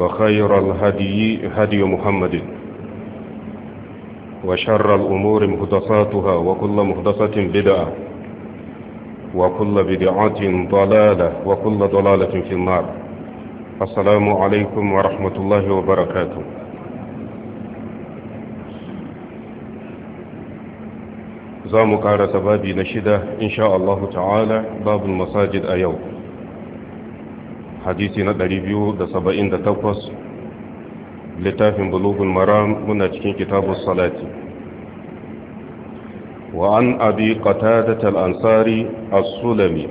وخير الهدي هدي محمد وشر الأمور مهدفاتها وكل مهدفة بدعة وكل بدعة ضلالة وكل ضلالة في النار السلام عليكم ورحمة الله وبركاته زامك على سبابي نشدة إن شاء الله تعالى باب المساجد masajid hadisi na 278 littafin bulugun maram muna cikin kitabun salati wa an abi qatadat al-ansari as-sulami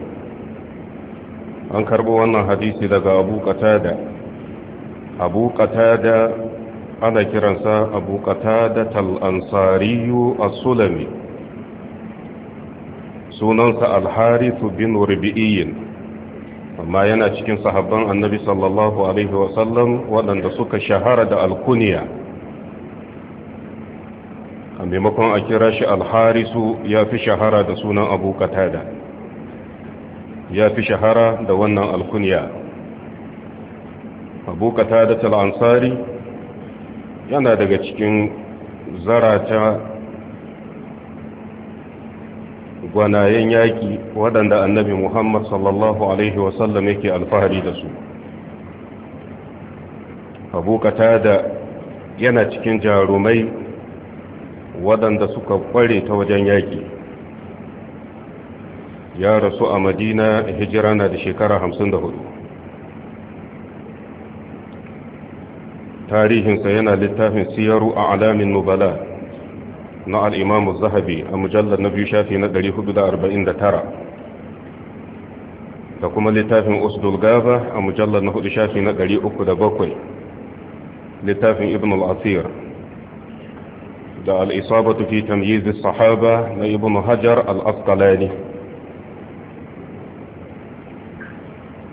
an karbo wannan hadisi daga abu qatada abu qatada ana kiransa abu qatadat al-ansari as-sulami sunansa al-harith bin rubi'in amma yana cikin sahabban annabi sallallahu alaihi wasallam waɗanda suka shahara da alkuniya a maimakon a kira shi alharisu ya fi shahara da sunan abu katada ya fi shahara da wannan alkuniya abu katada talansari yana daga cikin zarata gwanayen yaƙi waɗanda annabi muhammad sallallahu alaihi wasallam yake alfahari da su abu da yana cikin jarumai waɗanda suka ƙware ta wajen yaƙi ya rasu a madina hijira na da shekara hudu. tarihinsa yana littafin siyaru a alamin nubala نا الإمام الزهبي المجلد نبي شافي ندري حدود أربعين دتارا تقوم لتاف أسد الغابة المجلد نهد شافي ندري أكد بكوي لتافي ابن الأثير دا الإصابة في تمييز الصحابة لابن هجر الأسقلاني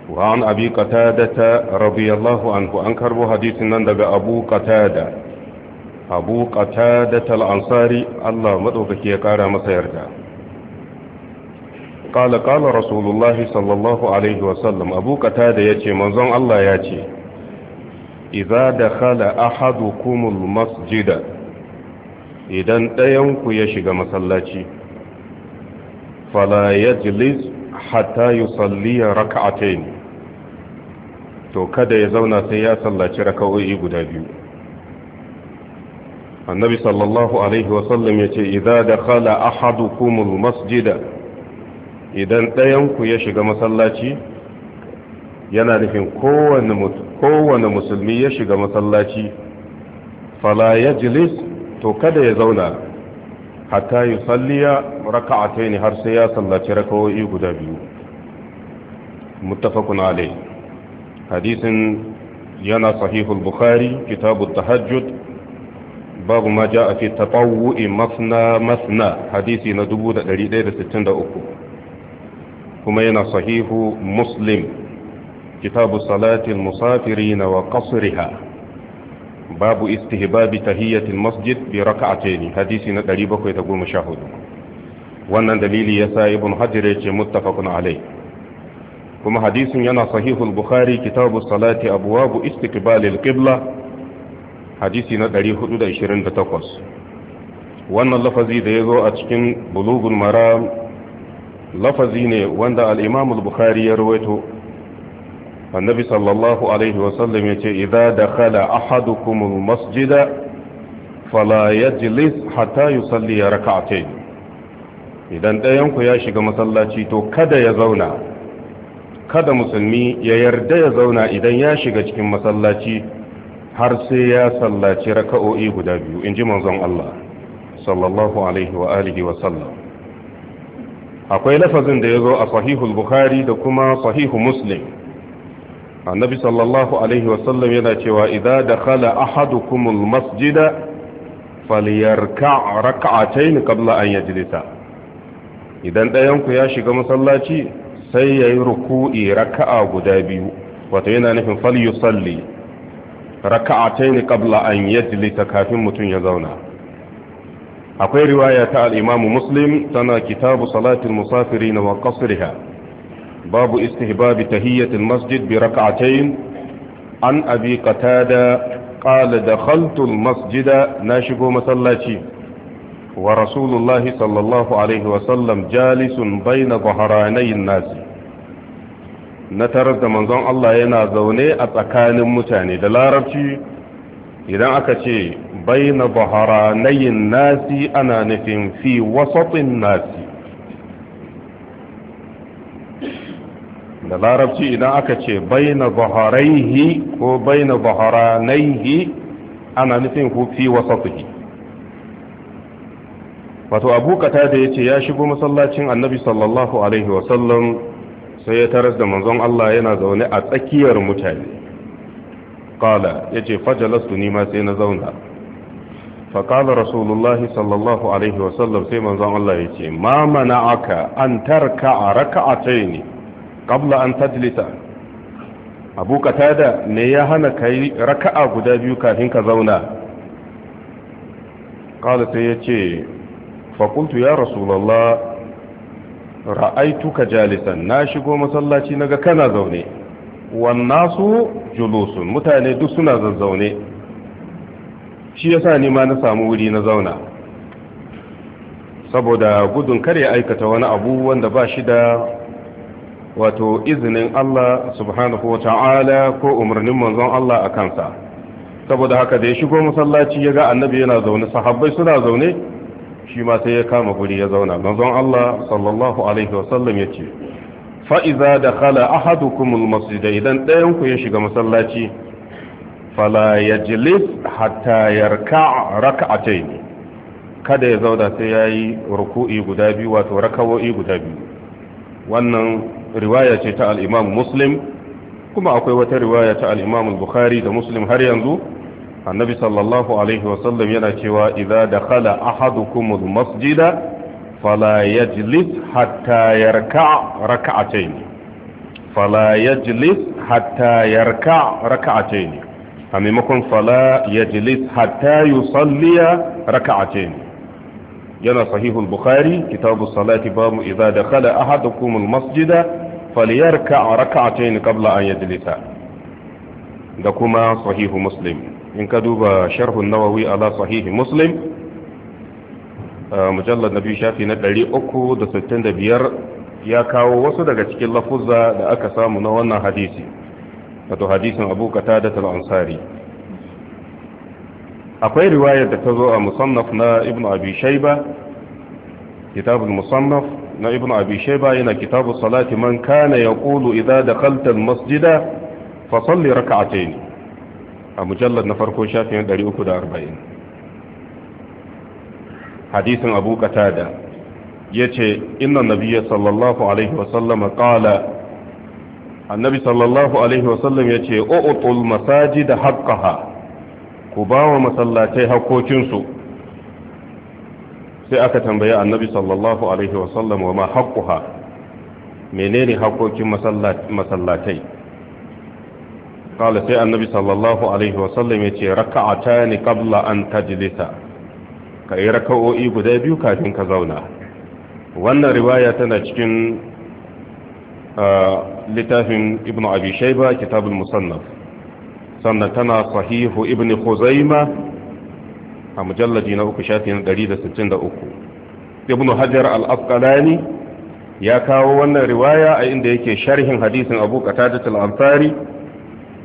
وعن أبي قتادة رضي الله عنه أنكر حديثنا بأبو قتادة abu qatada da tal'ansari, Allah madaukake ya ƙara masa yarda qala qala rasulullahi sallallahu alaihi wasallam abu ya yace manzon Allah ya da idza dakhala ahadukumul masjida idan ɗayanku ya shiga masallaci fala yajlis hatta salliya rak'atayn to kada ya zauna sai ya sallaci raka'o'i guda biyu annabi sallallahu alaihi wasallam ya ce idza dakhala ahadukumul masjida idan ɗayanku ya shiga masallaci yana nufin kowane musulmi ya shiga masallaci fala yajlis to kada ya zauna hatta yusalliya ne har sai ya sallaci raka'o'i guda biyu muttafaqun alayh hadisin yana sahihul bukhari kitabu tahajjud babu ma ja a fi taɓawu'i masna masna hadisi na 1163 kuma yana sahihu muslim kitabu salatin musafiri na wa ƙasuriha babu istihbabi tahiyyatin masjid bi raka'atayn hadisi na hudu. wannan dalili yasa ibn hajar yace muttafaqun alai kuma hadisin yana sahihul bukhari kitabu abu abwabu istiqbalil qibla hadisi na 428 wannan lafazi da ya zo a cikin bulugun Mara lafazi ne wanda al'imam al-bukhari ya rawaito annabi sallallahu alaihi wasallam ya ce idan da khala ahadukumul masjida fala yajlis hatta yusalli raka'atayn idan ɗayanku ya shiga masallaci to kada ya zauna kada musulmi ya yarda ya zauna idan ya shiga cikin masallaci har sai ya sallaci raka'o'i guda biyu in ji manzon Allah sallallahu alaihi wa alihi wa sallam akwai lafazin da ya zo a sahihul bukhari da kuma sahihu muslim annabi sallallahu alaihi wa sallam yana cewa idza dakhala ahadukumul masjida falyarka' rak'atayn qabla an yajlisa idan ɗayan ku ya shiga masallaci sai yayi ruku'i raka'a guda biyu wato yana nufin falyusalli raka'atai ne kabla an yajlisa kafin mutum ya zauna akwai riwaya ta al'imamu muslim tana kitabu salatin musafiri na wakasiriha babu istihbabi tahiyyatin masjid bi raka'atai an abi ƙala da dakhaltu masjida na shigo masallaci wa rasulullahi sallallahu alaihi wasallam jalisun bayna na nasi na tarar da manzon Allah yana zaune a tsakanin mutane da larabci idan aka ce na yin nasi ana nufin fi wasatin nasi da larabci idan aka ce na baharaihi ko na baharanaihi ana nufin ku fi wasatihi wato abu kata da ya ce ya shigo masallacin annabi sallallahu alaihi wasallam sai ya taras da manzon Allah yana zaune a tsakiyar mutane ya yace fajalastu ni ma sai na zauna fa qala rasulullahi sallallahu alaihi wa sallam sai manzon Allah yace ma mana'aka an tarka ne kabla an tajlita abu katada me ya hana raka raka'a guda biyu kafin ka zauna kala sai yace ce, Fakultu ya rasulullah ra'aituka jalisan na shigo masallaci naga kana zaune wannasu julusun mutane duk suna zazzaune shi yasa ni ma na samu wuri na zauna saboda gudun kar ya aikata wani abu wanda ba shi da wato izinin Allah subhanahu wa ta'ala ko umarnin manzon Allah a kansa saboda haka da ya shigo masallaci ya ga annabi yana zaune sahabbai suna zaune shi ma sai ya kama guri ya zauna manzon Allah sallallahu alaihi wasallam yace fa iza dakhala ahadukum almasjid idan dayan ku ya shiga masallaci fala yajlis hatta yarka rak'atayn kada ya zauna sai yayi ruku'i guda biyu wato rakawo'i guda biyu wannan riwaya ce ta al-Imam Muslim kuma akwai wata riwaya ta al-Imam Bukhari da Muslim har yanzu annabi sallallahu alaihi wasallam yana cewa idza dakhala ahadukumul masjida fala yajlis hatta yarka rak'atayn fala yajlis hatta yarka rak'atayn a maimakon fala yajlis hatta yusalliya rak'atayn yana sahihul bukhari kitabu salati babu idza dakhala ahadukumul masjida falyarka rak'atayn qabla an yajlisa da kuma sahihu muslim in ka duba sharhun nawawi ala sahihi muslim mujallar na biyu shafi na biyar ya kawo wasu daga cikin lafuzza da aka samu na wannan hadisi wato hadisin abu qatada da talansari akwai riwayar da ta zo a musannaf na ibn abi shayba kitabul na ibn abi shaiba yana kitabun salati man kana yaqulu idan da kaltar masjida fa salli a mujallar na farko shafin 340 hadisin abu qatada yace inna nabiyya sallallahu alaihi wasallam qala annabi sallallahu alaihi wasallam yace u'tul da haqqaha ku bawa masallatai hakokinsu sai aka tambaye annabi sallallahu alaihi wasallam wa ma haƙƙuha menene hakokin masallatai kala sai annabi sallallahu alaihi wasallam ya ce raka'ata ni kabla an tajlisa ka yi raka'o'i guda biyu kafin ka zauna wannan riwaya tana cikin littafin ibn abi shaiba kitabul musannaf sannan tana sahihu ibn khuzaima a mujallaji na uku shafi na 163 ibn hajar al-asqalani ya kawo wannan riwaya a inda yake sharhin hadisin abu qatadat ansari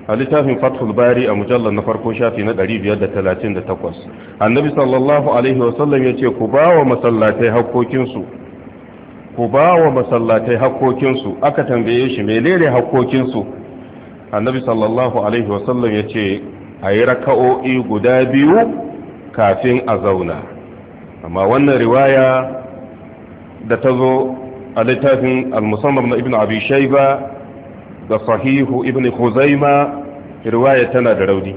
a littafin fathul bari a mujallar na farko shafi na 538 annabi sallallahu alaihi wasallam ya ce ku ba wa masallatai hakkokinsu ku ba wa masallatai hakkokinsu aka tambaye shi menene hakkokinsu annabi sallallahu alaihi wasallam ya ce a yi raka'o'i guda biyu kafin a zauna amma wannan riwaya da ta zo a littafin al-musamman na ibn abi shaiba da sahihu ibn khuzaima riwaya tana da rauni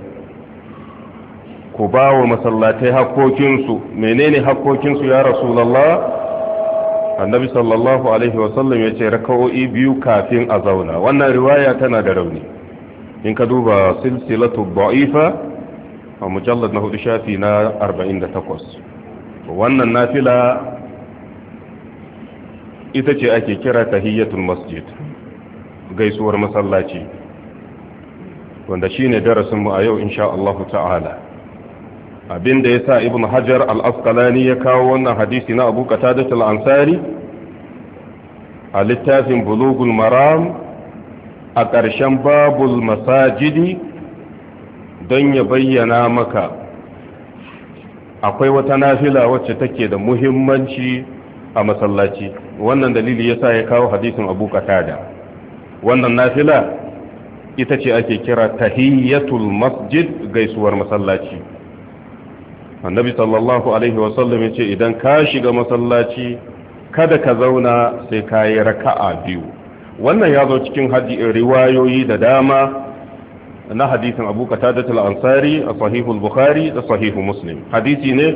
ku ba wa masallatai hakkokinsu menene hakkokinsu ya rasulallah annabi sallallahu alaihi wasallam ya ce raka'o'i biyu kafin a zauna wannan riwaya tana da rauni in ka duba silsilatu ba'ifa a mujallar na hudu shafi na 48 wannan nafila ita ce ake kira tahiyyatul masjid gaisuwar masallaci wanda shine darasin mu a yau insha Allah ta'ala abinda sa ibn hajar al afkalani ya kawo wannan hadisi na abu qatadah al-ansari a littafin bulugul maram a ƙarshen babul masajidi don ya bayyana maka akwai wata nafila wacce take da muhimmanci a masallaci wannan dalili yasa ya kawo hadisin abu qatada wannan nafila ita ce ake kira tahiyyatul masjid gaisuwar masallaci annabi sallallahu alaihi wasallam ya ce idan ka shiga masallaci kada ka zauna sai ka yi raka'a biyu wannan ya zo cikin riwayoyi da dama na hadisin abu qatadatul ansari a sahihul bukhari da sahihu muslim hadisi ne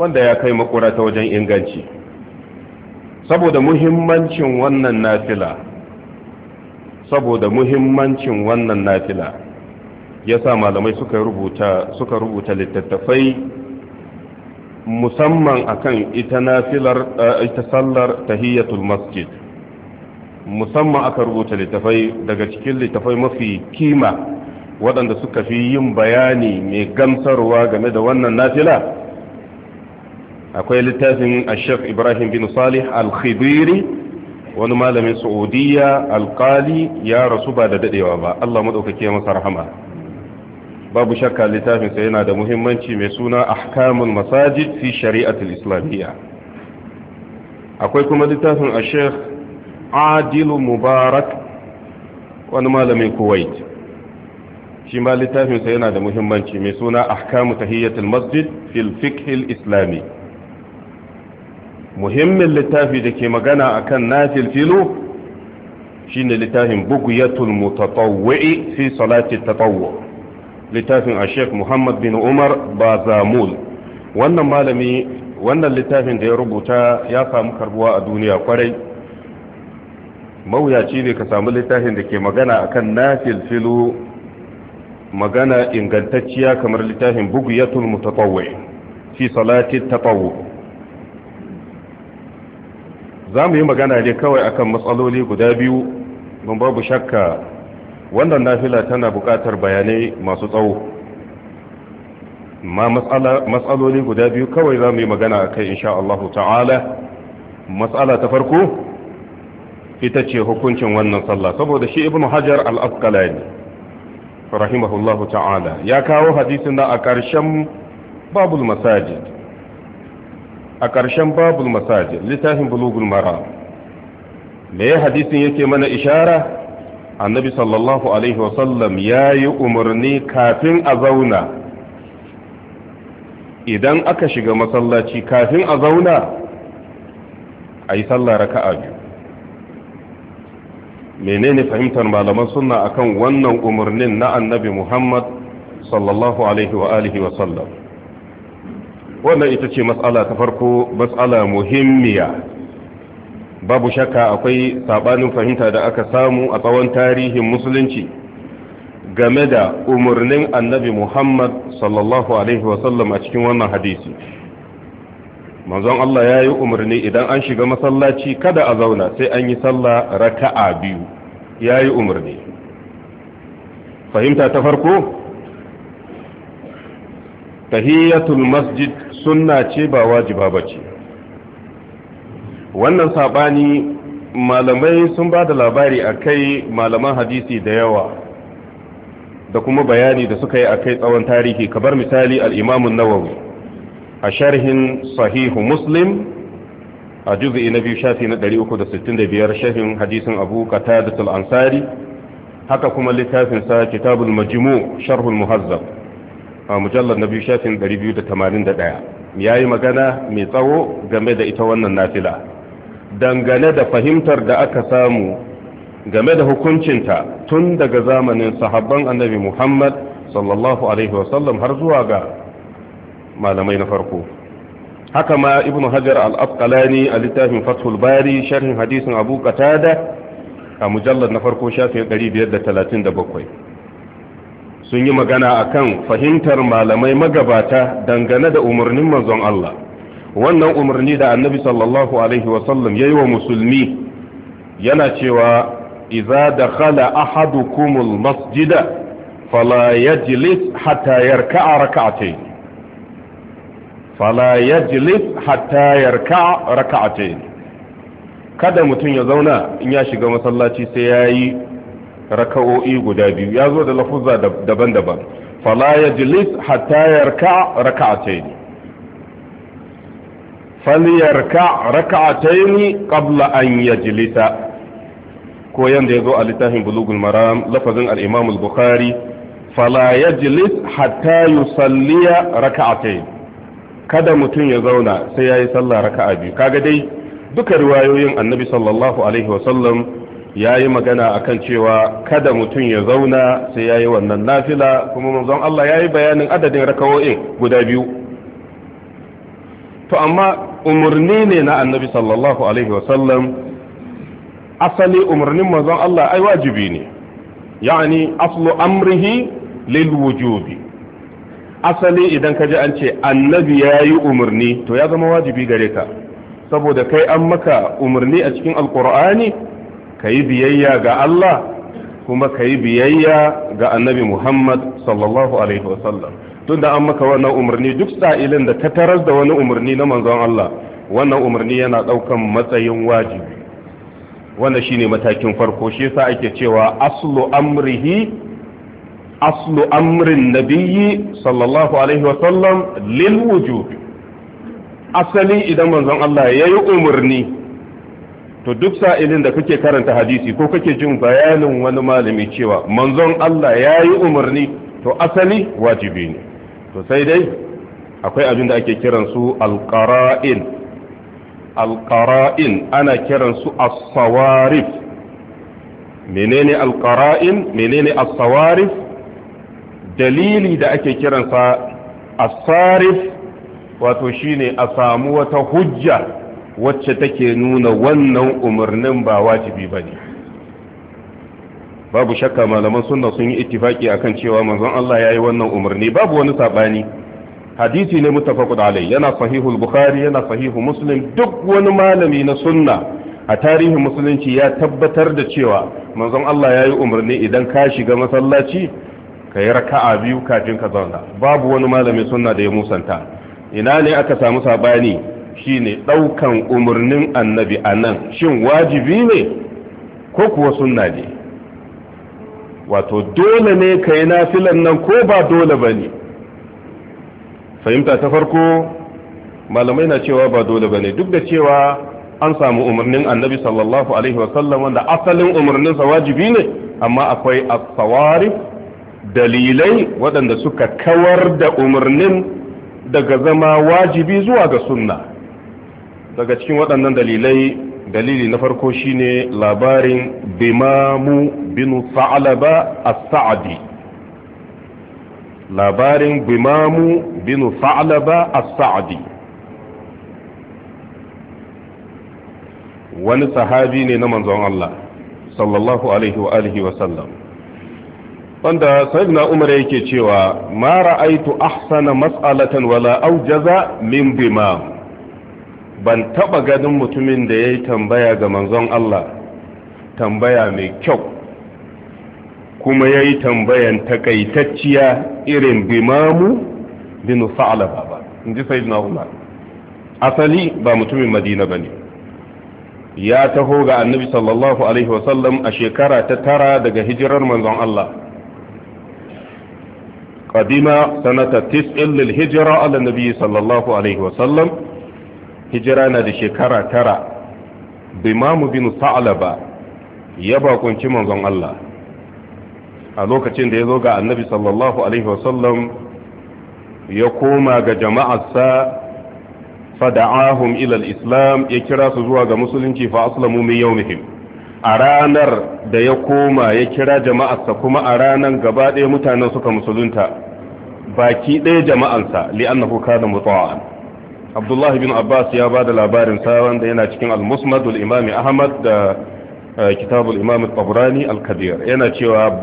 wanda ya kai makura ta wajen inganci saboda muhimmancin wannan nafila saboda muhimmancin wannan nafila ya sa malamai suka rubuta suka rubuta littattafai musamman akan ita nafilar eh, ita sallar tahiyatul masjid musamman aka rubuta littafai daga cikin littafai mafi kima waɗanda suka fi yin bayani mai gamsarwa game da wannan nafila akwai littafin ashef ibrahim bin salih al-khidiri wani malamin saudiya alkali ya rasu ba da dadewa ba allah maɗaukaki masa rahama babu shakka littafinsa yana da muhimmanci mai suna ahkamul masajid fi shari'atul islamiyya akwai kuma littafin a sheikh adilu mubarak wani malamin kuwait shi ma littafinsa yana da muhimmanci mai suna ahkamu tahiyyatul masjid fil fiqh islami muhimmin littafi da ke magana akan nafil filu shine littafin bughyatul mutatawwi fi salati tatawwu littafin ashek muhammad bin umar bazamul wannan malami wannan littafin da ya rubuta ya samu karbuwa a duniya kwarai mawuyaci ne ka samu littafin da ke magana akan nafil filu magana ingantacciya kamar littafin bughyatul mutatawwi fi salati tatawwu za mu yi magana ne kawai akan matsaloli guda biyu don babu shakka wannan nafila tana buƙatar bayanai masu tsawo ma matsaloli guda biyu kawai za mu yi magana a kai insha Allah ta'ala matsala ta farko ita ce hukuncin wannan sallah saboda shi ibn hajar al-asqalani rahimahullahu ta'ala ya kawo hadisin da a ƙarshen babul masajid a ƙarshen babul masajin littafin bulugul mara me ya hadisin yake mana ishara annabi sallallahu alaihi wasallam ya yi umarni kafin a zauna idan aka shiga masallaci kafin a zauna a yi sallara raka'a biyu menene fahimtar malaman sunna akan wannan umarnin na annabi muhammad sallallahu alaihi wa alihi wannan ita ce matsala ta farko matsala muhimmiya babu shakka akwai sabanin fahimta da aka samu a tsawon tarihin musulunci game da umarnin annabi muhammad sallallahu alaihi wasallam a cikin wannan hadisi manzon Allah ya yi umarni idan an shiga masallaci kada a zauna sai an yi sallah raka'a biyu ya yi umarni fahimta ta farko tahiyyatul masjid sunna ce ba wajiba ba ce wannan saɓani malamai sun ba da labari a kai malaman hadisi da yawa da kuma bayani da suka yi a kai tsawon tarihi kabar misali al'imamun nawawi a sharhin sahihu muslim a juzi na biyu shafi na 365 shafin hadisin abu qatadatul ansari haka kuma littafinsa kitabul majmu sharhul muhazzab a mujallar na biyu shafin 281 ya yi magana mai tsawo game da ita wannan nafila dangane da fahimtar da aka samu game da hukuncinta tun daga zamanin sahabban annabi muhammad sallallahu alaihi wasallam har zuwa ga malamai na farko haka ma ibnu hajar al Afqalani a littafin fathul bari sharhin hadisin abu qatada a mujallar na farko shafin 537 sun yi magana akan fahimtar malamai magabata dangane da umarnin manzon Allah wannan umarni da annabi sallallahu alaihi wasallam ya yi wa musulmi yana cewa iza da khala ahadukumul masjida fala yajlis hatta yarka'a raka'atayn fala yajlis hatta yarka'a raka'atayn kada mutum ya zauna in ya shiga masallaci sai yayi raka'o'i guda biyu ya zo da lafuza daban-daban falaya jilis hatta yarka raka'atayn falyarka raka'atayn qabla an yajlisa ko yanda yazo a littafin bulugul maram lafazin al-imam al-bukhari fala yajlis hatta yusalliya raka'atayn kada mutum ya zauna sai yayi sallah raka'a biyu kaga dai duka riwayoyin annabi sallallahu alaihi sallam. ya yi magana a kan cewa kada mutum ya zauna sai ya yi wannan nafila kuma manzon Allah ya yi bayanin adadin rakawo'in guda biyu to amma umarni ne na annabi sallallahu alaihi wasallam asali umarnin manzon Allah ai wajibi ne yani aslu amrihi lil wujubi asali idan ka ji an ce annabi ya yi umarni to ya zama wajibi gare ka saboda kai an maka umarni a cikin alkur'ani ka yi biyayya ga Allah kuma ka yi biyayya ga annabi Muhammad sallallahu alaihi wasallam tun da an maka wannan umarni duk sa'ilin da ka taras da wani umarni na manzon Allah wannan umarni yana ɗaukan matsayin wajibi wannan shine matakin farko shi yasa ake cewa aslu amrihi aslu amrin nabiyyi sallallahu alaihi wasallam lil wujub asali idan manzon Allah yayi umarni to duk sa'ilin da kake karanta hadisi ko kake jin bayanin wani malami cewa manzon Allah ya yi umarni to asali wajibi ne to sai dai akwai abin da ake kiransu alƙara'in alƙara'in ana kiran su sawarif menene alƙara'in menene as-sawarif dalili da ake kiransa asarif sarif wato shine a samu wata hujja wacce take nuna wannan umarnin ba wajibi ba ne babu shakka malaman sunna sun yi ittifaki akan cewa manzon Allah ya yi wannan umarni babu wani saɓani hadisi ne mutafaqud alai yana sahihul bukhari yana sahihu muslim duk wani malami na sunna a tarihin musulunci ya tabbatar da cewa manzon Allah ya yi umarni idan ka shiga masallaci ka yi raka'a biyu kafin ka zauna babu wani malami sunna da ya musanta ina ne aka samu sabani shine ɗaukan umarnin annabi a nan shin wajibi ne ko kuwa sunna ne wato dole ne ka yi nafilan nan ko ba dole ba ne fahimta ta farko malamai na cewa ba dole ba ne duk da cewa an samu umarnin annabi sallallahu alaihi wasallam wanda asalin umarninsa wajibi ne amma akwai asawari dalilai waɗanda suka kawar da umarnin daga zama wajibi zuwa ga sunna daga cikin waɗannan dalilai dalili na farko shine labarin bimamu bin sa'alaba as-sa'di labarin bimamu bin sa'alaba as-sa'di wani sahabi ne na manzon Allah sallallahu alaihi wa alihi wa sallam wanda sayyidina Umar yake cewa ma ra'aitu ahsana mas'alatan wala aujaza min bimamu ban taba ganin mutumin da ya yi tambaya ga manzon Allah tambaya mai kyau kuma ya yi tambayan takaitacciya irin bimamu bin sa'alaba ba in ji sai umar asali ba mutumin madina ba ne ya taho ga annabi sallallahu alaihi wasallam a shekara ta tara daga hijirar manzon Allah قدم سنة تسع للهجرة على النبي صلى الله عليه وسلم hijira na da shekara tara bimamu bin sa'alaba ya bakunci manzon Allah a lokacin da ya zo ga annabi sallallahu alaihi wasallam ya koma ga jama'arsa fada'ahum ila islam ya kira su zuwa ga musulunci fa aslamu min yawmihim a ranar da ya koma ya kira jama'arsa kuma a ranar gaba ɗaya mutanen suka musulunta baki ɗaya jama'ansa li'annahu kana mutawa'an abdullahi bin abbas ya ba da labarin sa wanda yana cikin al-musnadul imami ahmad da eh, kitabul imam al-tabrani al-kabir yana cewa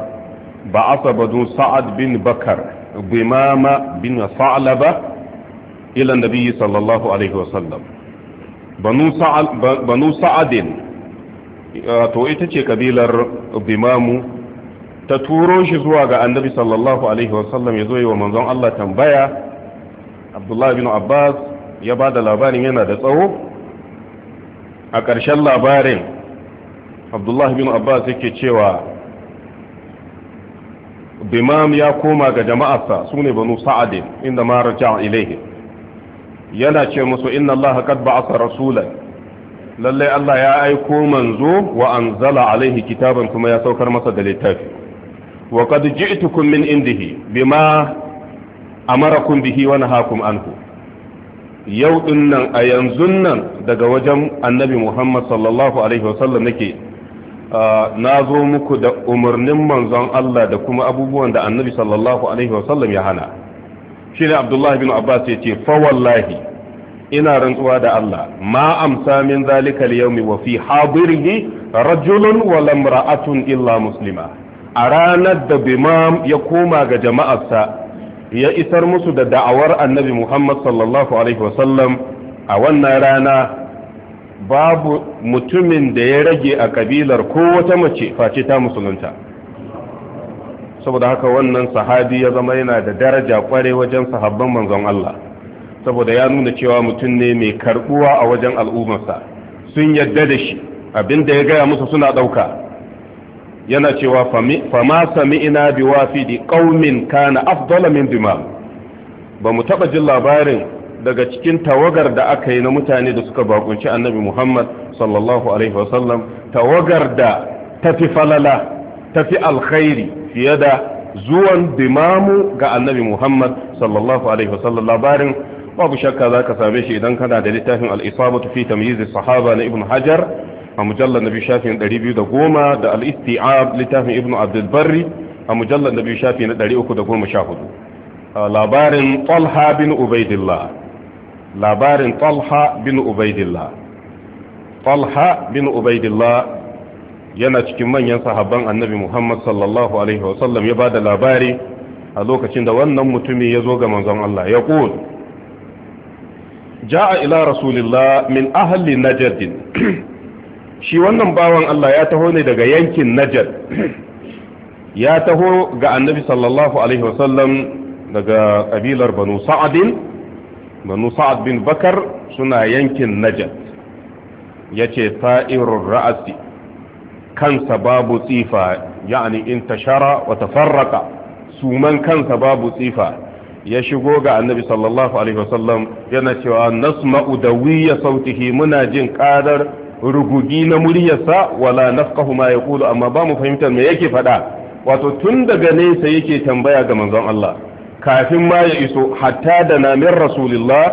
ba badu sa'ad bin bakar bimama bin sa'laba ila nabiyyi sallallahu alaihi wasallam banu sa'ad banu sa'adin eh, to ita ce kabilar bimamu ta turo shi zuwa ga annabi sallallahu alaihi wasallam ya zo yi wa manzon Allah tambaya abdullahi bin abbas ya ba da labarin yana da tsawo a ƙarshen labarin abdullahi bin abbas yake cewa bimam ya koma ga jama'arsa su ne banu sa'adin inda mara raja'a ilaihi yana ce musu inna allaha qad ba'atha rasulan lallai Allah ya aiko manzo wa anzala alaihi kitaban kuma ya saukar masa da littafi wa qad ji'tukum min indihi bima amarakum bihi wa nahakum anhu yau din nan a yanzu nan daga wajen annabi muhammad sallallahu alaihi wasallam nake ah, na zo muku da umarnin manzon Allah da kuma abubuwan da annabi sallallahu alaihi wasallam ya hana shi ne abdullahi bin abbas ya ce fawallahi ina rantsuwa da Allah ma amsa min zalika yaumi wa fi hadirihi rajulun wa lamra'atun illa muslima a ranar da bimam ya koma ga jama'arsa ya isar musu da da'awar annabi Muhammad sallallahu alaihi wasallam a wannan rana babu mutumin da ya rage a kabilar ko wata mace face ta musulunta saboda haka wannan sahabi ya zama yana da daraja kware wajen sahabban manzon Allah saboda ya nuna cewa mutum ne mai karbuwa a wajen al'ummarsa sun yadda da shi abinda ya gaya musu suna ɗauka yana cewa fama ina bi di ƙaumin kana afdala min bamu ba mu jin labarin daga cikin tawagar da aka yi na mutane da suka bakunci annabi Muhammad sallallahu alaihi wasallam tawagar da tafi falala tafi alkhairi fiye da zuwan dimamu ga annabi Muhammad sallallahu alaihi wasallam labarin babu shakka zaka same shi idan kana da littafin al-isabatu fi tamyiz sahaba na ibn hajar a mujallar nabi shafin biyu da goma da al-isti'ab littafin ibnu abdul barri a mujallar nabi shafi na 314 ah, labarin talha bin ubaidillah labarin talha bin ubaidillah talha bin ubaidillah yana cikin manyan sahabban annabi muhammad sallallahu alaihi wa sallam ya ba da labari a lokacin da wannan mutumi ya zo ga manzon Allah ya ƙul ja'a ila rasulillah min ahli najdin shi wannan bawan Allah ya taho ne daga yankin Najar ya taho ga annabi sallallahu alaihi wasallam daga kabilar banu sa'adin banu sa'ad bin bakar suna yankin Najar ya ce sa'irun ra'asi kansa babu tsifa ya'ani in tashara wa tafarraka suman kansa babu tsifa ya shigo ga annabi sallallahu alaihi wasallam yana cewa nasma'u dawiyya sautihi muna jin ƙarar rugugi na muryarsa wala nafqahu ma yaqulu amma ba mu fahimtar me yake faɗa wato tun daga nesa yake tambaya ga manzon Allah kafin ma ya iso hatta da namin rasulillah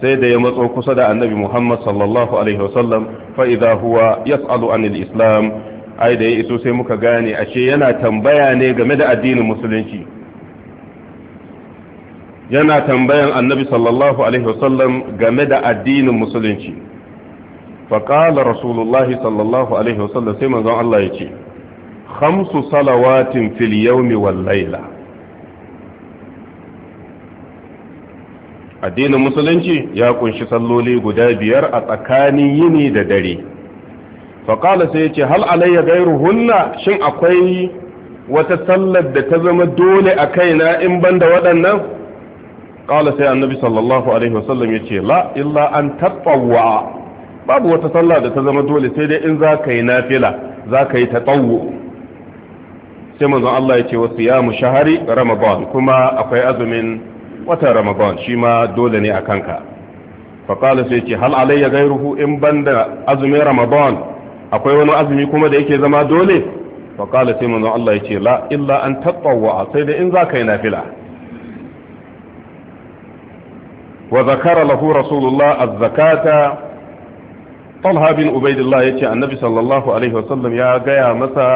sai da ya matso kusa da annabi Muhammad sallallahu alaihi wasallam fa idza huwa yas'alu an islam ai da ya iso sai muka gane ashe yana tambaya ne game da addinin musulunci yana tambayan annabi sallallahu alaihi wasallam game da addinin musulunci Faƙalar rasulullahi sallallahu alaihi wasallam sai manzon Allah ya ce khamsu salawatin fil yawmi wal laila addinin musulunci ya kunshi salloli guda biyar a tsakanin yini da dare faƙala sai har ce hal alayya gairuhunna shin akwai wata sallar da ta zama dole a kaina in banda waɗannan ƙala sai annabi sallallahu alaihi wasallam ya ce la illa an wa. babu wata sallah da ta zama dole sai dai in za ka yi nafila za ka yi taɓawo sai manzon Allah ya ce wasu ya mu shahari ramadan kuma akwai azumin wata ramadan shi ma dole ne a kanka faƙala sai ce hal alayya gairuhu in banda azumin ramadan akwai wani azumi kuma da yake zama dole faƙala sai manzon Allah ya ce la illa an taɓawa sai dai in za ka yi nafila wa zakara lahu rasulullah az-zakata talha bin ubaidillah ya ce annabi sallallahu alaihi wasallam ya gaya masa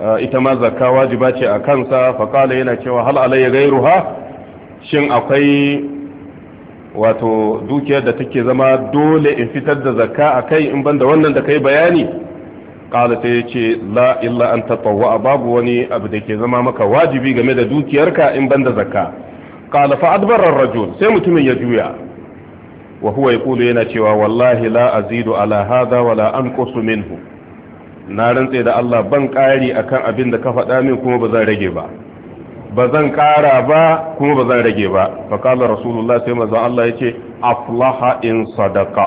ah, ita ma zakka wajiba ce a kansa faƙala yana cewa hal alayya gairuha shin akwai wato dukiyar da take zama dole in fitar da zakka a kai in banda wannan da kai bayani ƙala ta ya ce la illa an tattawa babu wani abu da ke zama maka wajibi game da dukiyarka in banda zakka ƙala fa adbarar rajul sai mutumin ya juya wa huwa yaqulu yana cewa wallahi la azidu ala hadha wa la anqusu minhu na rantse da Allah ban a akan abin da ka faɗa min kuma ba zan rage ba ba zan ƙara ba kuma ba zan rage ba fa qala rasulullah sai manzo Allah yace aflaha in sadaqa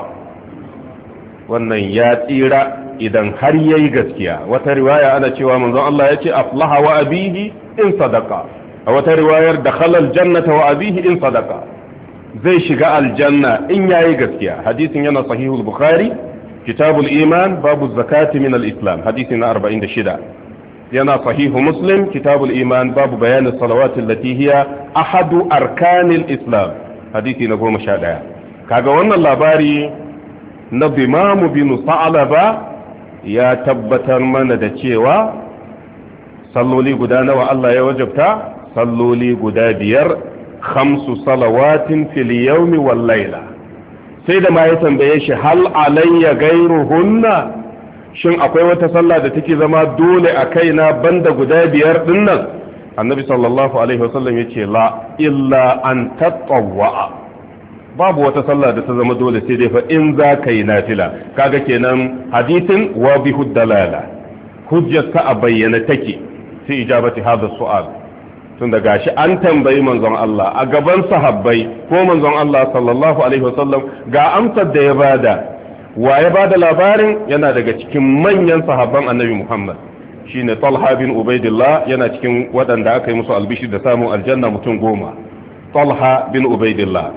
wannan ya tsira idan har yayi gaskiya wata riwaya ana cewa manzo Allah yace aflaha wa abihi in sadaqa a wata riwayar dakhala aljannata wa abihi in sadaqa zai shiga aljanna in yayi gaskiya hadisin yana sahihul bukhari kitabul iman babu zakati min al-islam hadisi na 46 yana sahihu muslim kitabul iman babu bayan salawat allati hiya ahadu arkanil islam hadisi na 11 kaga wannan labari na bimamu bin sa'laba ya tabbatar mana da cewa salloli guda nawa Allah ya wajabta salloli guda biyar khamsu salawatin fil yawmi wal layla sai da ma ya tambaye shi hal alayya ghayruhunna shin akwai wata sallah da take zama dole a kaina banda guda biyar dinnan annabi sallallahu alaihi wasallam yace la illa an tatawwa babu wata sallah da ta zama dole sai dai fa in za ka yi nafila kaga kenan hadithin wa bihud dalala hujjarsa a bayyana take sai ijabati hadha su'al tun da gashi an tambayi manzon Allah a gaban sahabbai ko manzon Allah sallallahu alaihi wasallam ga amsar da ya bada wa ya bada labarin yana daga cikin manyan sahabban annabi Muhammad shine Talha bin Ubaidillah yana cikin waɗanda aka yi musu albishir da samun aljanna mutum goma Talha bin Ubaidillah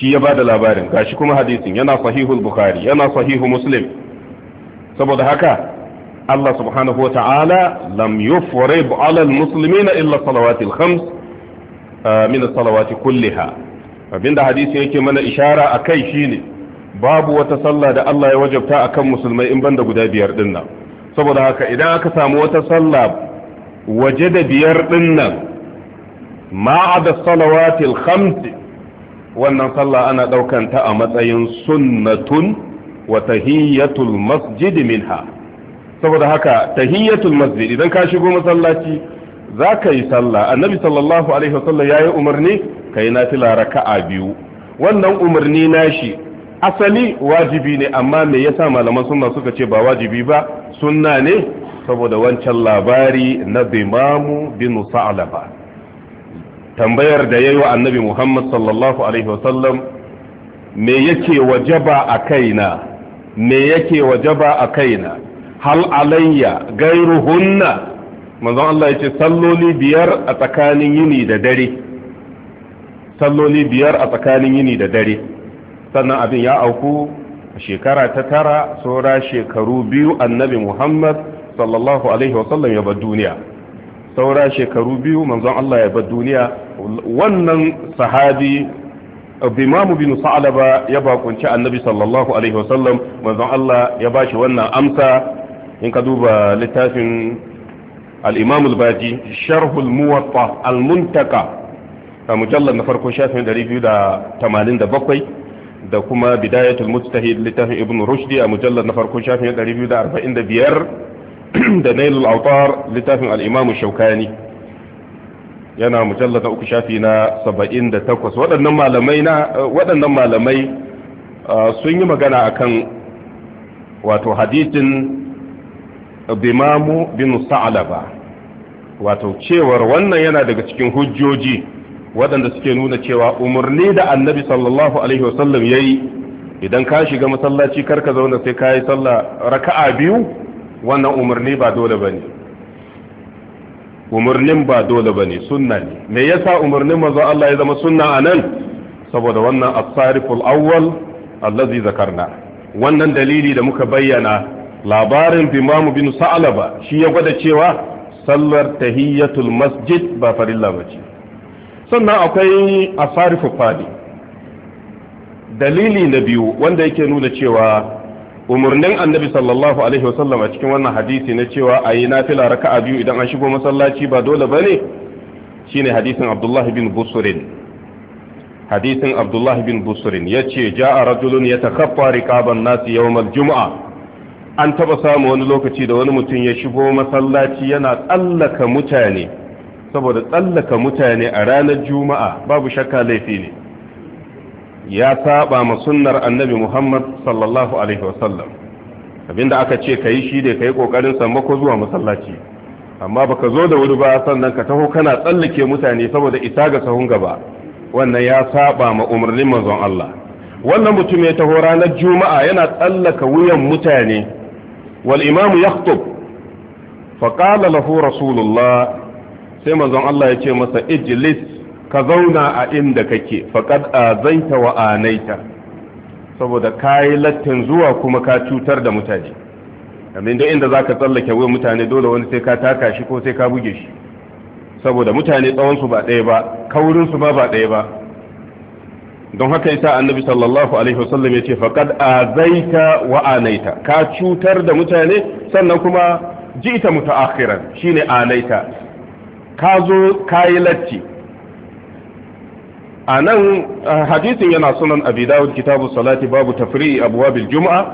shi ya bada labarin gashi kuma hadisin yana sahihul Bukhari yana sahihu Muslim saboda haka الله سبحانه وتعالى لم يفرض على المسلمين إلا الصلوات الخمس آه، من الصلوات كلها فبين ده حديث يكي من إشارة أكي شيني باب وتصلى ده الله يوجب تا أكم مسلمين إن بند قدى بيردنا سبو ده أكا إذا أكا وتصلى وجد بيردنا ما عدا الصلوات الخمس وأن صلى أنا دوكا تا أمتين سنة وتهية المسجد منها saboda haka tahiyyatul masjid idan ka shigo masallaci za ka yi sallah annabi sallallahu alaihi wasallam ya yi umarni ka yi nafila raka'a biyu wannan umarni nashi asali wajibi ne amma me yasa malaman sunna suka ce ba wajibi ba sunna ne saboda wancan labari na bimamu bin sa'laba tambayar da yayi wa annabi muhammad sallallahu alaihi wasallam me yake wajaba a kaina me yake wajaba a kaina hal alayya gairuhunna manzon Allah ya ce salloli biyar a tsakanin yini da dare salloli biyar a tsakanin yini da dare sannan abin ya auku shekara ta tara saura shekaru biyu annabi Muhammad sallallahu alaihi wasallam ya bar duniya saura shekaru biyu manzon Allah ya bar duniya wannan sahabi Imamu bin Sa'alaba ya bakunci annabi sallallahu alaihi wasallam manzon Allah ya bashi wannan amsa in ka duba littafin al-imam al-baji sharh al-muwatta al-muntaka a mujallar na farko shafin 287 da da kuma bidayatul mujtahid littafin ibn rushdi a mujallar na farko shafin 245 da nailul autar littafin al-imam shaukani yana mujallar na uku shafi na 78 waɗannan malamai na waɗannan malamai sun yi magana akan wato hadisin bimamu bin sa'alaba wato cewar wannan yana daga cikin hujjoji waɗanda suke nuna cewa umarni da annabi sallallahu alaihi wasallam ya yi idan ka shiga masallaci karka zauna sai ka yi sallah raka'a biyu wannan umarni ba dole ba ne umarnin ba dole ba ne sunna ne me yasa umarnin manzo Allah ya zama sunna a nan saboda wannan sariful awwal allazi zakarna wannan dalili da muka bayyana labarin imamu bin ba shi ya gwada cewa sallar tahiyyatul masjid ba farilla ba ce sannan akwai asarifu fadi dalili na biyu wanda yake nuna cewa umarnin annabi sallallahu alaihi wasallam a cikin wannan hadisi na cewa a yi nafila a biyu idan an shigo masallaci ba dole ba ne shine hadisin abdullahi bin busurin hadisin abdullahi bin busurin ya ce ja'a rajulun ya takaffa riqaban nasi yawmal juma'a an taba samu wani lokaci da wani mutum ya shigo masallaci yana tsallaka mutane saboda tsallaka mutane a ranar juma'a babu shakka laifi ne ya saba ma sunnar annabi muhammad sallallahu alaihi wasallam abinda aka ce ka yi shi da ka yi ƙoƙarin sammako zuwa masallaci amma baka zo da wuri ba sannan ka taho kana tsallake mutane saboda isa ga sahun gaba wannan ya saba ma umarnin manzon Allah wannan mutum ya taho ranar juma'a yana tsallaka wuyan mutane Wal'imamu imamu yakhutub fa qala lahu rasulullah sai manzon Allah ya ce masa ijlis ka zauna a inda kake faqad ta wa anaita saboda kayi lattin zuwa kuma ka cutar da mutane amin da inda zaka tsallake wai mutane dole wani sai ka taka shi ko sai ka buge shi saboda mutane tsawon ba ɗaya ba kaurin ma ba ɗaya ba don haka yasa annabi sallallahu alaihi wasallam yace faqad azaita wa anaita ka cutar da mutane sannan kuma jita mutaakhiran shine anaita ka zo kayi latti anan hadisin yana sunan abi dawud kitabu salati babu tafri'i abwabil juma'a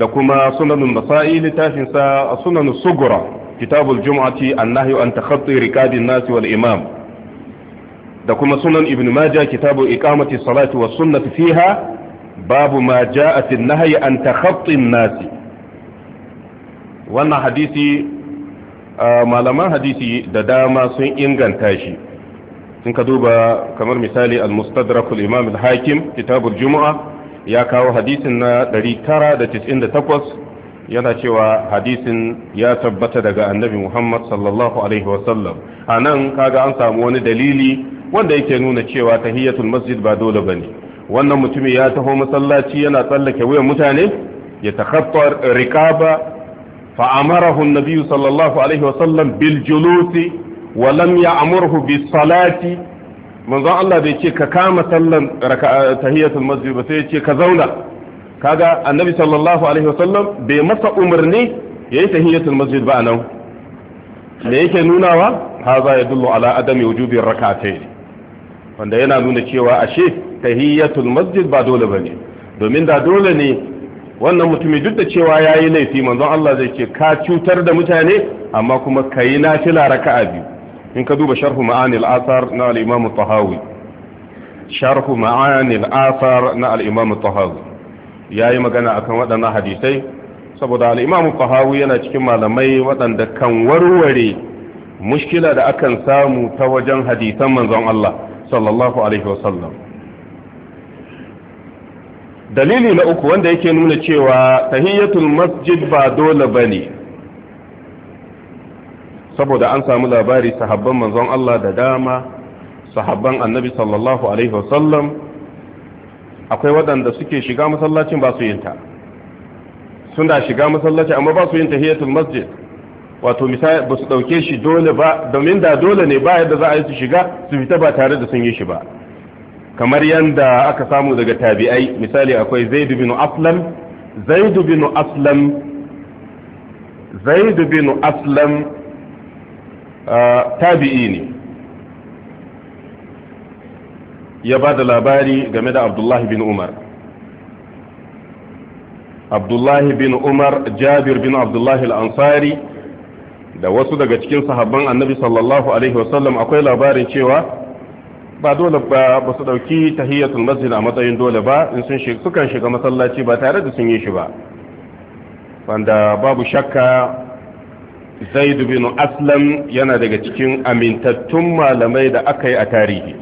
da kuma sunanun nasa'i littafin sa sunanus sugura kitabul jum'ati annahyu an takhatti riqabin nasi wal imam da kuma sunan ibn maja kitabu iqamati salati was sunnati fiha babu ma jaa fi nahyi an takhatti an-nas wannan hadisi malaman hadisi da dama sun inganta shi sun ka duba kamar misali al-mustadrak al-imam al-hakim kitabu al-jumu'a ya kawo hadisin na 998 yana cewa hadisin ya tabbata daga annabi Muhammad sallallahu alaihi wasallam anan kaga an samu wani dalili wanda yake nuna cewa tahiyatul masjid ba dole bane wannan mutumi ya taho masallaci yana tsallake wayan mutane ya takhatta rikaba fa amarahu an-nabi sallallahu alaihi sallam bil julusi wa lam ya'murhu bis salati Allah bai ce ka kama sallan tahiyatul masjid ba sai ya ce ka zauna kaga annabi sallallahu alaihi sallam bai masa umarni yayi tahiyatul masjid ba nan me yake nunawa haza yadullu ala adami wujubi rakatai. wanda yana nuna cewa ashe tahiyyatul masjid ba dole bane domin da dole ne wannan mutumi duk da cewa yayi laifi manzon Allah zai ce ka cutar da mutane amma kuma kai nafila raka'a biyu in ka duba sharhu ma'anil na al-imam tahawi sharhu ma'anil asar na al-imam tahawi yayi magana akan waɗannan hadisai saboda al-imam tahawi yana cikin malamai waɗanda kan warware mushkila da akan samu ta wajen hadisan manzon Allah sallallahu alaihi wasallam dalili na uku wanda yake nuna cewa tahiyyatul masjid ba dole bane saboda an samu labari sahabban manzon Allah da dama sahabban annabi sallallahu alaihi wasallam akwai waɗanda suke shiga masallacin ba su yinta suna shiga masallaci amma ba su yin tahiyatul masjid wato misali ba su ɗauke shi dole ba domin da dole ne ba yadda za a yi su shiga su fita ba tare da sun yi shi ba kamar yadda aka samu daga tabi'ai misali akwai zaidu bin aslam zaidu bin aslam zaidu bin aslam ah, tabi'i ne ya ba da labari game da abdullahi bin umar abdullahi bin umar jabir bin abdullahi al-ansari da wasu daga cikin sahabban annabi sallallahu alaihi wasallam akwai labarin cewa ba dole ba ba su dauki tahiyatul masjid a matsayin dole ba in sun shiga sukan shiga masallaci ba tare da sun yi shi ba wanda babu shakka zaid bin aslam yana daga cikin amintattun malamai da aka yi a tarihi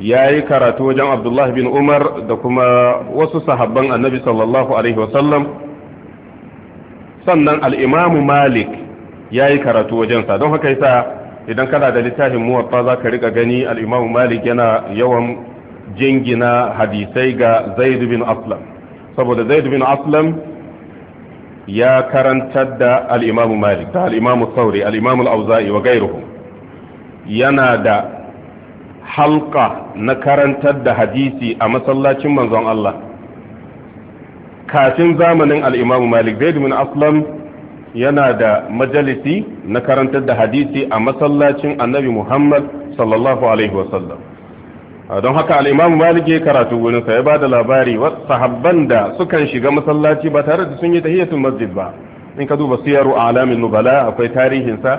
ya yi karatu wajen abdullahi bin umar da kuma wasu sahabban annabi sallallahu alaihi wasallam sannan al'imamu malik ya yi karatu wajensa don haka yasa idan kana da littafin muwatta za ka riƙa gani al'imamu malik yana yawan jingina hadisai ga zaid bin aslam saboda zaid bin aslam ya karantar da al'imamu malik da al'imamu sauri al'imamu auza'i wa gairuhu yana da halka na karantar da hadisi a masallacin manzon Allah kafin zamanin al'imamu malik zaid aslam yana da majalisi na karantar da hadisi a masallacin annabi muhammad sallallahu alaihi wasallam don haka al'imamu malik ya karatu wurinsa ya ba da labari sahabban da sukan shiga masallaci ba tare da sun yi tahiyatul masjid ba in ka duba siyaru a alamin nubala akwai tarihinsa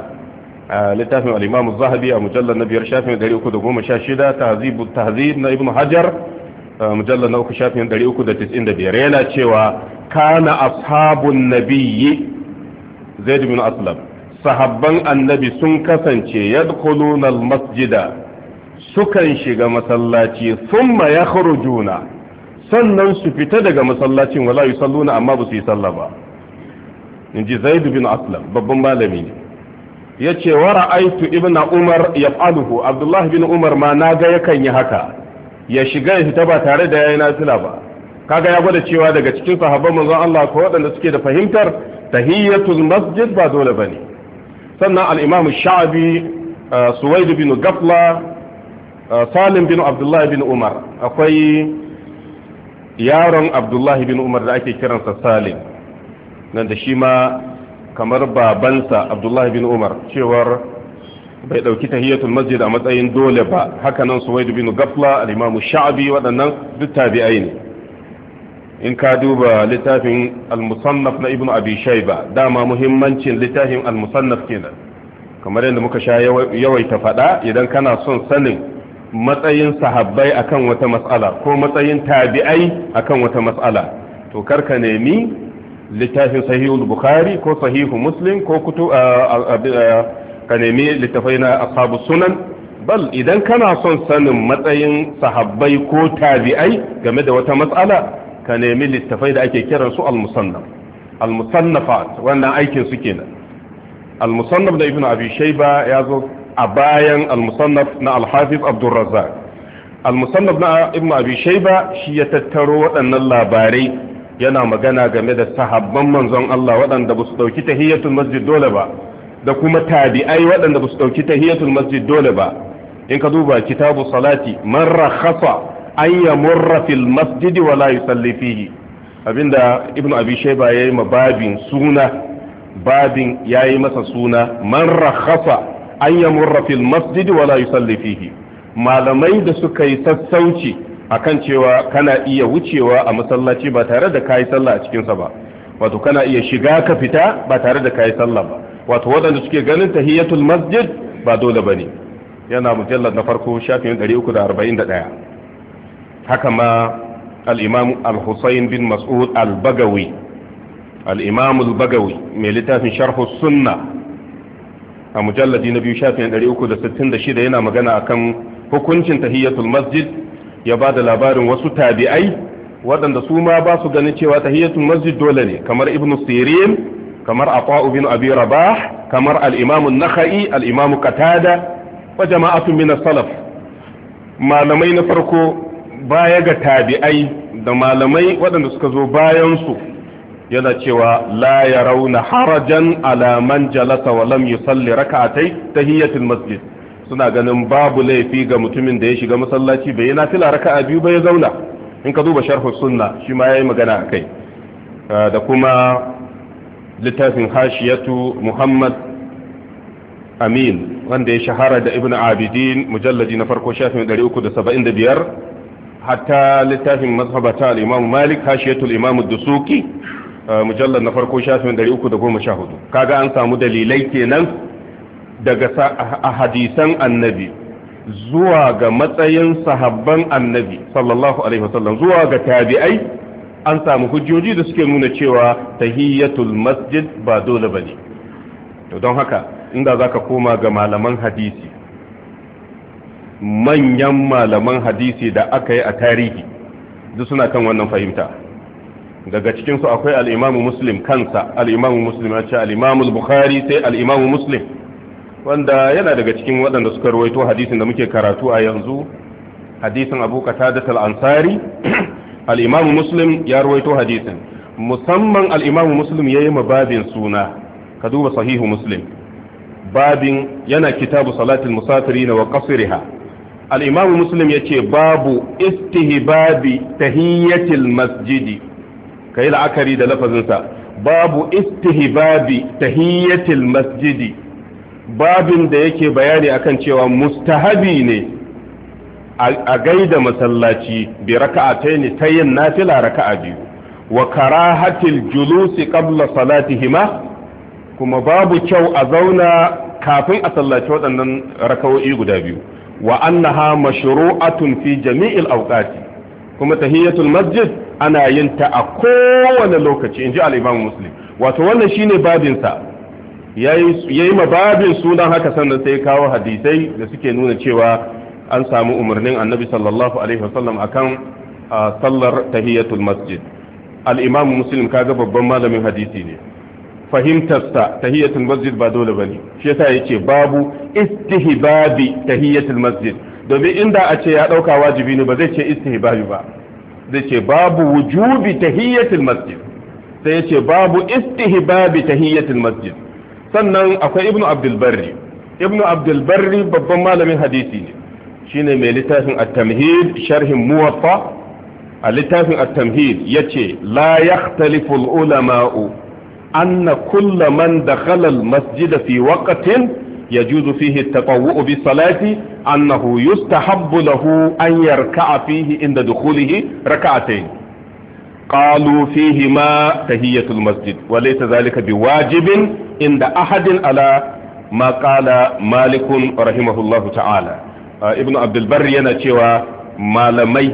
a littafin al'imamu zahabi a mujallar na biyar shafin 316 tahzib na ibnu hajar mujallar na uku shafin 395 yana cewa kana ashabun nabiyyi zaid bin aslam sahabban annabi sun kasance yadkhuluna masjida sukan shiga masallaci sun thumma juna sannan su fita daga masallacin wala yi salluna amma ba su yi sallah ba inji zaid bin aslam babban malami ne Ya ce wa ra'aytu ibna umar ya yaf'aluhu Abdullahi bin umar ma na ga yakan yi haka ya shiga ya fita ba tare da yayin nasila ba kaga ya gwada cewa daga cikin sahabban manzon Allah ko waɗanda suke da fahimtar tahiyatul masjid ba dole bane sannan al-imam sha'bi uh, suwaid bin gafla uh, salim bin abdullah bin umar akwai yaron abdullah bin umar da ake kiransa salim nan da shi ma kamar babansa abdullah bin umar cewar bai dauki tahiyatul masjid a matsayin dole ba haka nan suwaid bin gafla al-imam sha'bi waɗannan duk tabi'ai ne in ka duba littafin al-musannaf na ibnu abi shayba dama muhimmancin littafin al-musannaf kenan kamar yadda muka sha yawaita faɗa idan kana son sanin matsayin sahabbai akan wata mas'ala ko matsayin tabi'ai akan wata mas'ala to karka nemi littafin sahihul bukhari ko sahihu muslim ko kutu ka nemi littafai na ashabu sunan bal idan kana son sanin matsayin sahabbai ko tabi'ai game da wata matsala ka nemi littafai da ake kiran su al-musannaf al-musannafat wannan aikin su kenan al-musannaf da ibnu abi shayba ya zo a bayan al-musannaf na al-hafiz abdur razzaq al-musannaf na ibnu abi shayba shi ya tattaro waɗannan labarai yana magana game da sahabban manzon Allah waɗanda ba su dauki tahiyatul masjid dole ba da kuma tabi'ai waɗanda ba su ɗauki tahiyatul masjid dole ba in ka duba kitabu salati man rakhasa an yamurra fil masjid wa la yusalli fihi abinda ibnu abi shayba yayi ma babin suna babin yayi masa suna man rakhasa an yamurra fil masjid wa la yusalli fihi malamai da suka yi sassauci akan cewa kana iya wucewa a masallaci ba tare da kayi sallah a cikinsa ba wato kana iya shiga ka fita ba tare da kayi sallah ba wato waɗanda suke ganin tahiyatul masjid ba dole bane yana mujallar na farko shafin 341 haka ma al-imam al-husayn bin mas'ud al-bagawi al-imam al-bagawi mai littafin sharh sunna a mujalladi na biyu shafin 366 yana magana akan hukuncin tahiyatul masjid ya ba da labarin wasu tabi'ai waɗanda su ma ba su ganin cewa tahiyatul masjid dole ne kamar ibnu sirin kamar aqa'u bin abi rabah kamar alimamun nakai an katada al-imam wa jama'atun salaf malamai na farko baya ga tabi'ai da malamai waɗanda suka zo bayan su yana cewa la rauna harajan alaman jalasa wa lam yusalli rak'atay tahiyatul masjid suna ganin babu laifi ga mutumin da ya shiga masallaci bai yi nafila a biyu ba ya zauna in ka duba sharhu sunna shi ma yi magana akai da kuma littafin hashiyatu muhammad amin wanda ya shahara da ibn abidin mujallaji na farko shafin 375 hatta littafin mazhabata al-imam malik hashiyatu al-imam dusuki uh, mujallar na farko shafin 314 kaga an samu dalilai kenan daga hadisan annabi zuwa ga matsayin sahabban annabi sallallahu alaihi wasallam zuwa ga tabi'ai an samu hujjoji da suke nuna cewa tahiyyatul masjid ba dole bane to don haka inda zaka koma ga malaman hadisi manyan malaman hadisi da aka yi a tarihi duk suna kan wannan fahimta daga cikinsu akwai al'imamu muslim kansa al'imamu muslim ya ce al'imamu bukhari sai al'imamu muslim wanda yana daga cikin waɗanda suka rawaito hadisin da muke karatu a yanzu hadisin abu kata da ansari al'imamu muslim ya ruwaito hadisin musamman al'imamu muslim ya yi babin suna ka duba sahihu muslim babin yana kitabu salatul musafiri na wa kasiriha al'imamu muslim ya ce babu istihbabi tahiyyatil masjidi ka yi la'akari da lafazinsa babu istihbabi tahiyyatil masjidi babin da yake bayani akan cewa mustahabi ne a gaida masallaci bi raka'ataini ta yin nafila raka'a biyu wa karahatil julusi qabla salatihima kuma babu kyau a zauna kafin a sallaci waɗannan raka'o'i guda biyu wa annaha mashru'atun fi jami'il awqati kuma tahiyatul masjid ana yin ta a kowane lokaci inji al-imam muslim wato wannan shine babin sa yayi ma babin sunan haka sannan sai kawo hadisai da suke nuna cewa an samu umarnin annabi sallallahu alaihi wasallam akan sallar tahiyatul masjid al-imamu muslim kaga babban malamin hadisi ne fahimtarsa tahiyatul masjid ba dole bane shi yasa yace babu istihbabi tahiyatul masjid domin inda a ce ya dauka wajibi ne ba zai ce istihbabi ba zai ce babu wujubi tahiyatul masjid sai yace ce babu istihbabi tahiyatul masjid sannan akwai ibnu abdul barri ibnu abdul barri babban malamin hadisi ne shine mai littafin at-tamhid sharhin muwatta a littafin at-tamhid yace la yakhtalifu al-ulama'u anna kull man dakhala al-masjid fi waqtin يجوز فيه التطوع بالصلاة أنه يستحب له أن يركع فيه عند دخوله ركعتين قالوا فيهما تهية المسجد وليس ذلك بواجب عند أحد على ما قال مالك رحمه الله تعالى ibn abdulbar yana cewa malamai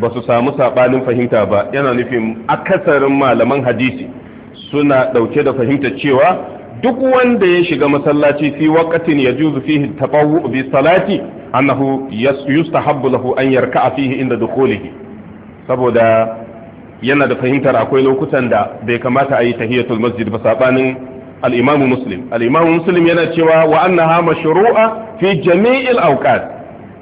ba su samu saɓanin fahimta ba yana nufin akasarin malaman hadisi suna ɗauke da fahimta cewa duk wanda ya shiga masallaci fi waqatin yajuzu fihi tafawwu bi salati annahu yustahabbu lahu an yarka'a fihi inda dukhulihi saboda yana da fahimtar akwai lokutan da bai kamata a yi tahiyatul masjid ba sabanin al-imam muslim al-imam muslim yana cewa wa annaha mashru'a fi jami'il awqat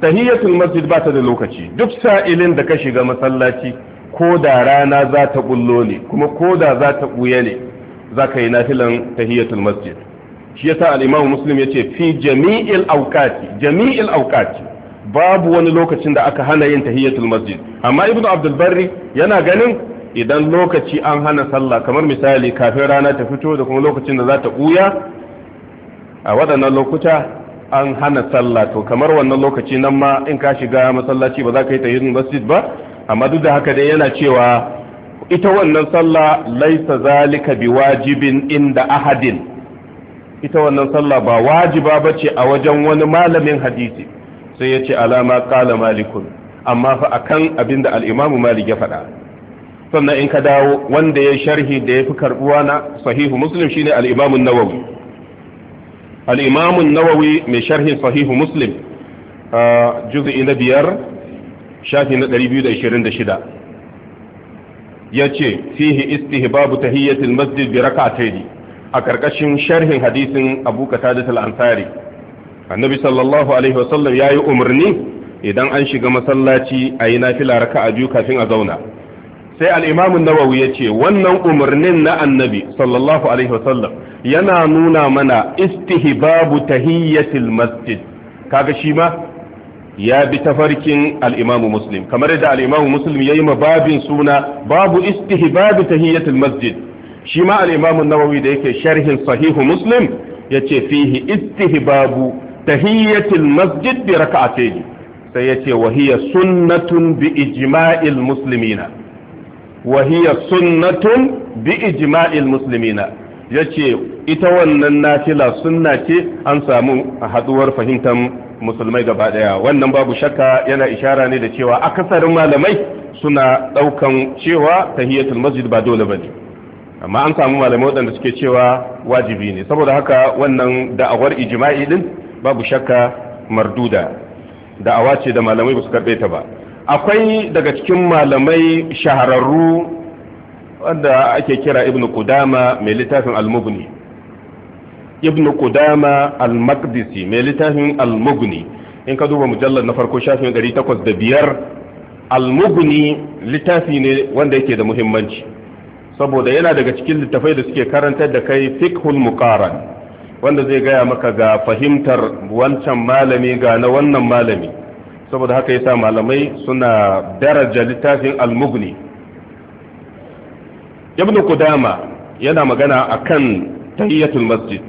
tahiyatul masjid ba ta da lokaci duk sa'ilin da ka shiga masallaci ko da rana za ta bullo ne kuma ko da za ta buye ne za ka yi nafilan tahiyyatul masjid shi yasa al-imamu muslim yace fi jami'il awqati jami'il awqati babu wani lokacin da aka hana yin tahiyyatul masjid amma ibnu abdul barri yana ganin idan lokaci an hana sallah kamar misali kafin rana ta fito da kuma lokacin da za ta buya a waɗannan lokuta an hana sallah to kamar wannan lokaci nan ma in ka shiga masallaci ba za ka yi yin masjid ba amma duk da haka dai yana cewa ita wannan sallah laisa zalika biwajibin inda ahadin ita wannan sallah ba wajiba bace a wajen wani malamin hadisi sai ya ce alama qala malikun amma fa akan abinda al-imamu malik ya faɗa sannan in ka dawo wanda ya sharhi da ya fi karbuwa na sahihu muslim shine al-imamu nawawi al-imam nawawi mai sharhin sahih muslim juz'i na biyar shafi na 226 yace fihi istihbabu tahiyatul masjid bi rak'atayn a karkashin sharhin hadisin Abu Qatadah al-Ansari annabi sallallahu alaihi wasallam yayi umarni idan an shiga masallaci ayi nafila raka'a biyu kafin a zauna sai al'imamun nawawi ya ce wannan umarnin na annabi sallallahu alaihi wasallam yana nuna mana istihbabu tahiyyatil masjid kaga shi ma ya bi tafarkin al'imamu muslim kamar yadda al'imamu muslim ya yi babin suna babu istihbabu tahiyyatil masjid shi ma al'imamun nawawi da yake sharhin sahihu muslim ya ce fihi istihbabu tahiyyatil masjid bi raka'atayn sai ya ce wa hiya sunnatun bi ijma'il muslimina wa hiya sunnatun bi ijma'il muslimina yace ita wannan nafila sunna ce an samu haduwar fahimtar musulmai gaba daya wannan babu shakka yana ishara ne da cewa akasarin malamai suna ɗaukan cewa tahiyatul masjid ba dole bane amma an samu malamai waɗanda suke cewa wajibi ne saboda haka wannan da'awar ijma'i din babu shakka marduda da'awa ce da malamai ba su karbe ta ba akwai daga cikin malamai shahararru wanda ake kira ibn kudama mai littafin almugni ibn kudama al-maqdisi mai littafin almuguni in ka duba mujallar na farko shafin 805 almuguni littafi ne wanda yake da muhimmanci saboda yana daga cikin littafai da suke karantar da kai fikhul muqaran wanda zai gaya maka ga fahimtar wancan malami ga na wannan malami saboda haka yasa malamai suna daraja littafin al-mughni ibn qudama yana magana akan tahiyatul masjid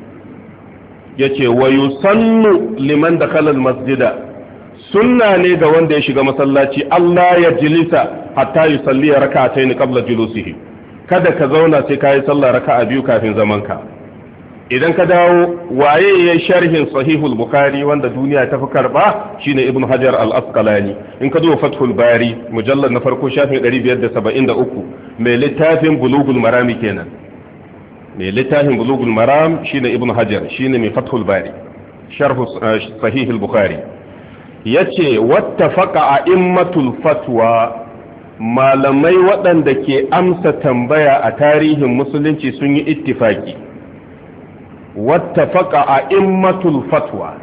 yace wa yusannu liman dakhala al-masjida sunna ne ga wanda ya shiga masallaci Allah ya jilisa hatta yusalli rak'atayn qabla julusihi kada ka zauna sai kai sallah raka'a biyu kafin zamanka idan ka dawo waye ya sharhin sahihul bukhari wanda duniya ta fi karba shine ibn hajar al-asqalani in ka duba fathul bari mujallad na farko shafin 573 mai littafin bulugul marami kenan mai littafin bulugul maram shine ibn hajar shine mai fathul bari sharh eh, sahihul bukhari yace wattafaqa a'immatul fatwa malamai waɗanda ke amsa tambaya a tarihin musulunci sun yi ittifaki wattafaqa a'immatul fatwa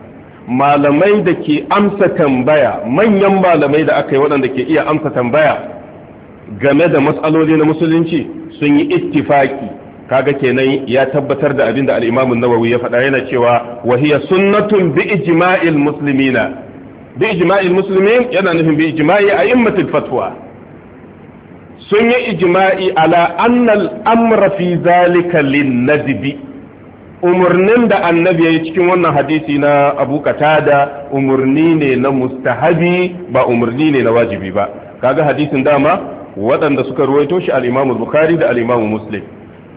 malamai da ke amsa tambaya manyan malamai da aka yi waɗanda ke iya amsa tambaya game da matsaloli na musulunci sun yi ittifaki kaga kenan ya tabbatar da abin da al-Imam an-Nawawi ya faɗa yana cewa wa hiya sunnatun bi ijma'il muslimina bi ijma'il muslimin yana nufin bi ijma'i a'immatul fatwa sun yi ijma'i ala annal amra fi zalika lin-nadbi umarnin da annabi ya yi cikin wannan hadisi na abu katada umarni ne na mustahabi ba umarni ne na wajibi ba kaga hadisin dama waɗanda suka ruwaito shi al'imamu bukari da al'imamu muslim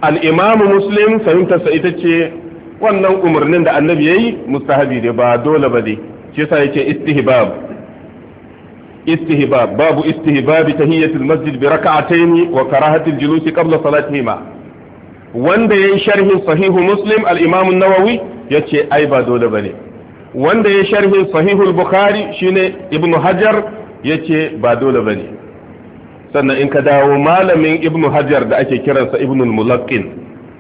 al'imamu muslim fahimtarsa ita ce wannan umarnin da annabi ya yi mustahabi ne ba dole ba ne shi yasa yake istihbab istihbab babu istihbab tahiyyatul masjid bi raka'atayn wa karahatul julusi qabla salatihima wanda ya yi sharhin sahihu muslim al'imamun nawawi ya ce ai ba dole ba ne wanda ya yi sharhin sahihul bukhari shine ibnu hajar ya ce ba dole ba ne sannan in ka dawo malamin ibnu hajar da ake kiransa ibnu mulaqin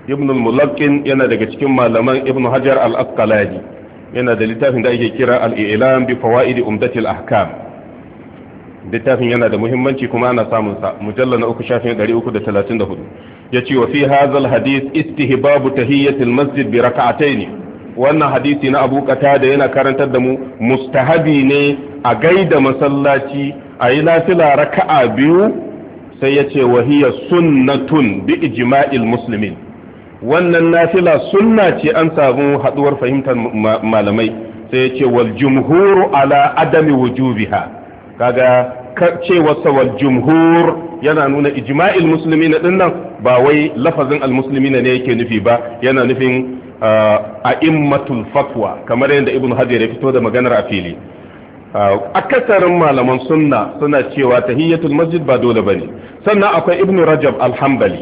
ibnu mulaqin yana daga cikin malaman ibnu hajar al-asqalani yana da littafin da ake kira al-i'lam bi umdati al ahkam littafin yana da muhimmanci kuma ana samun sa mujalla na uku shafin 334 ce wa fi hadhal hadith istihbabu tahiyatul masjid bi rak'atayn wannan hadisi na Abu Qatada yana karantar da mu mustahabi ne a gaida masallaci a yi nafila raka'a biyu sai ce wa hiya sunnatun bi ijma'il muslimin wannan nafila sunna ce an samu haduwar fahimtar malamai sai ce wal jumhur ala adami wujubiha kaga cewa wal jumhur yana nuna ijma'il musulmi na dinnan ba wai lafazin almusulmi ne yake nufi ba yana nufin uh, a immatul fatwa kamar yadda ibn hajar ya fito da maganar a fili uh, akasarin malaman sunna suna cewa tahiyyatul masjid ba dole bane sannan akwai ibn rajab alhambali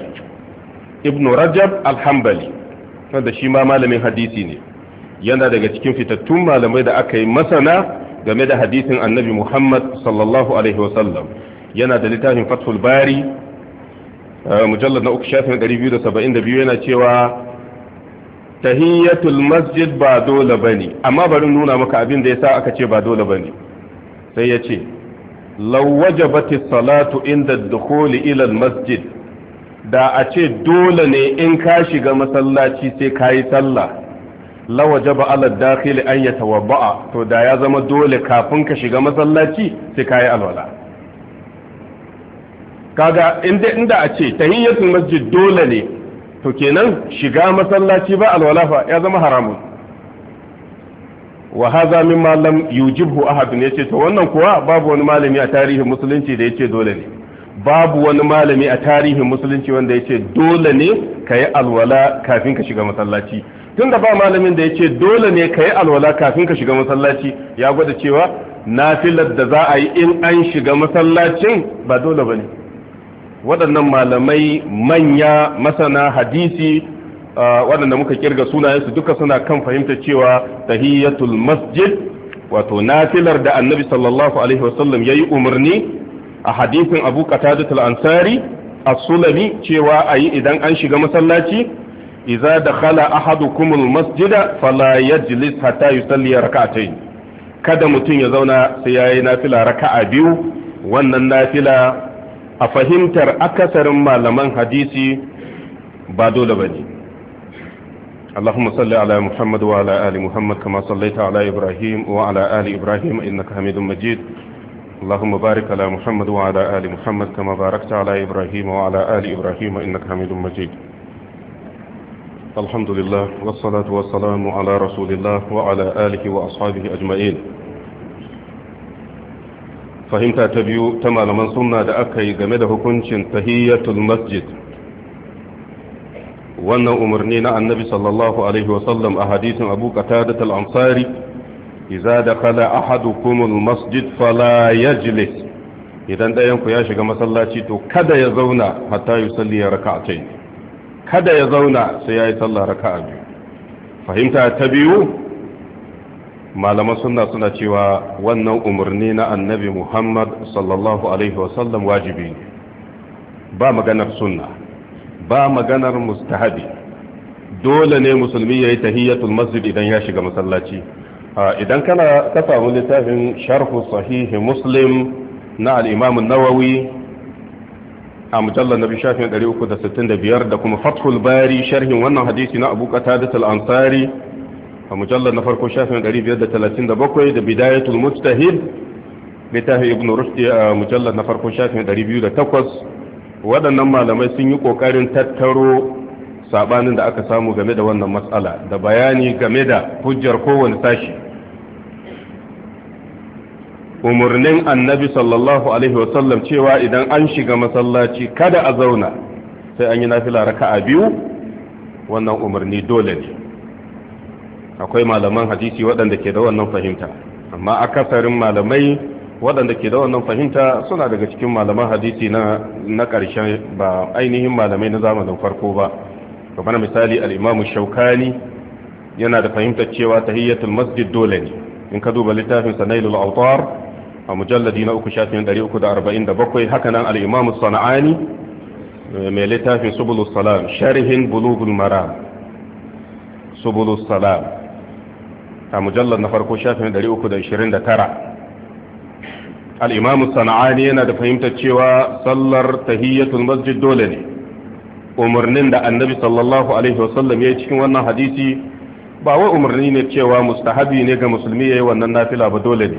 ibn rajab alhambali wanda shi ma malamin hadisi ne yana daga cikin fitattun malamai da aka yi masana game da hadisin annabi muhammad sallallahu alaihi wasallam yana da littafin fathul bari mujallar na uku shafin 272 yana cewa tahiyyatul masjid ba dole bane amma bari nuna maka abin da sa aka ce ba dole bane sai ya ce law wajabati salatu inda dukhuli ila al masjid da a ce dole ne in ka shiga masallaci sai kayi sallah lawaje ba ala dakili an ya to da ya zama dole kafin ka shiga masallaci sai kayi alwala kaga inda inda a ce tahiyyatul masjid dole ne to kenan shiga masallaci ba alwalafa ya zama haramun wa hadha mimma lam yujibhu ne yace to wannan kuwa babu wani malami a tarihin musulunci da yace dole ne babu wani malami a tarihin musulunci wanda yace dole ne kai alwala kafin ka shiga masallaci tunda ba malamin da yace dole ne kai alwala kafin ka shiga masallaci ya gwada cewa nafilar da za a yi in an shiga masallacin ba dole bane waɗannan malamai manya masana hadisi waɗanda muka kirga sunayensu duka suna kan fahimta cewa tahiyyatul masjid wato nafilar da annabi sallallahu alaihi wasallam yayi umarni a hadisin abu qatadatul ansari A sulami cewa ayi idan an shiga masallaci iza dakhala ahadukum kumul masjida fala yajlis hatta yusalli rak'atayn kada mutum ya zauna sai yayi nafila raka'a biyu wannan nafila a fahimtar akasarin malaman hadisi ba dole ba ne اللهم صل على محمد وعلى آل محمد كما صليت على إبراهيم وعلى آل إبراهيم إنك حميد مجيد اللهم بارك على محمد وعلى آل محمد كما باركت على إبراهيم وعلى آل إبراهيم إنك حميد مجيد الحمد لله والصلاة والسلام على رسول الله وعلى آله وأصحابه أجمعين fahimta ta biyu ta malaman sunna da aka yi game da hukuncin tahiyyatul masjid wannan umarni na annabi sallallahu alaihi wasallam a hadisin abu qatada al-ansari idza dakhala ahadukum al-masjid fala yajlis idan dayan ku ya shiga masallaci to kada ya zauna hatta yusalli raka'atayn kada ya zauna sai yayi sallah raka'a biyu fahimta ta biyu malaman sunna suna cewa wannan umarni na annabi muhammad sallallahu alaihi wasallam wajibi ba maganar sunna ba maganar mustahabi dole ne musulmi ya yi tahiyyatul masjid idan ya shiga masallaci idan kana ka samu littafin sharhu sahihi muslim na al'imamin nawawi a mujallar na bishafin 365 da kuma fathul bari sharhin wannan hadisi na abu qatadatul ansari a mujallar na farko shafin 537 da bidayatul mustahil littafin ibn rushdi a mujallar na farko shafin 208 waɗannan malamai sun yi ƙoƙarin tattaro sabanin da aka samu game da wannan matsala da bayani game da hujjar kowane sashi umarnin annabi sallallahu alaihi wasallam cewa idan an shiga masallaci kada a zauna sai an yi nafila raka'a biyu wannan umarni dole ne akwai malaman hadisi waɗanda ke da wannan fahimta amma akasarin malamai waɗanda ke da wannan fahimta suna daga cikin malaman hadisi na ƙarshen ba ainihin malamai na zamanin farko ba kamar misali al'imamu shaukani yana da fahimtar cewa tahiyyatul masjid dole ne in ka duba littafin sanailul autar a mujalladi na uku shafin 347 haka nan al'imamu sana'ani mai littafin subulus salam sharhin bulugul maram subulus salam a mujallar na farko shafin 329 al'imamu sana'ani yana da fahimtar cewa sallar tahiyyatul masjid dole ne umarnin da annabi sallallahu alaihi wasallam ya yi cikin wannan hadisi ba wai umarni ne cewa mustahabi ne ga musulmi ya yi wannan nafila ba dole ne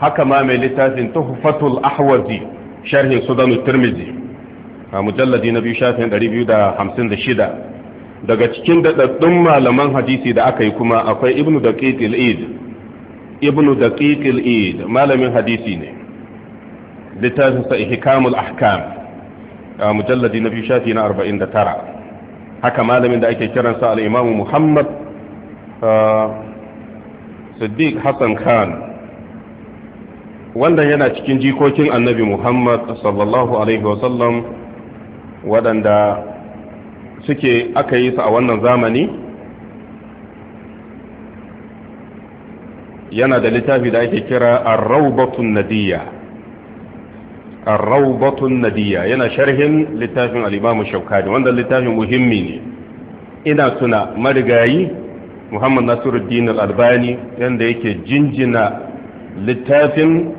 haka ma mai littafin tuhfatul ahwazi sharhin sudan turmizi a mujalladi na biyu shafin 256 daga cikin daɗaɗɗun malaman hadisi da aka yi kuma akwai ibnu daqiq id ibnu daqiq id malamin hadisi ne littafin sa ihkamul ahkam a mujalladi na biyu shafi na 49 haka malamin da ake kiransa al-imam muhammad siddiq hassan khan wanda yana cikin jikokin annabi muhammad sallallahu alaihi sallam waɗanda suke aka yi su a wannan zamani yana da littafi da ake kira arraubatun nadiya arraubatun nadiya yana sharhin littafin alimamu shaukari wanda littafin muhimmi ne ina tuna marigayi muhammad nasiruddin al-albani yanda yake jinjina littafin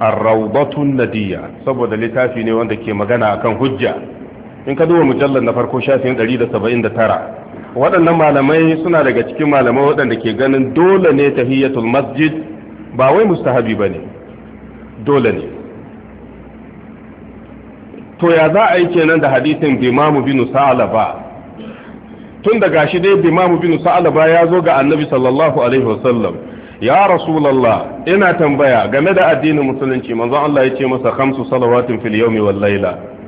arraubatun nadiya saboda littafi ne wanda ke magana akan hujja in ka duba mujallar na farko shafin 179 waɗannan malamai suna daga cikin malamai waɗanda ke ganin dole ne tahiyatul masjid ba wai mustahabi ba ne dole ne to ya za a yi kenan da hadisin bimamu binu sa'alaba tun da gashi dai bimamu binu sa'alaba ya zo ga annabi sallallahu alaihi wasallam ya rasulallah ina tambaya game da addinin musulunci manzon Allah ya ce masa khamsu salawatin fil yawmi wal laila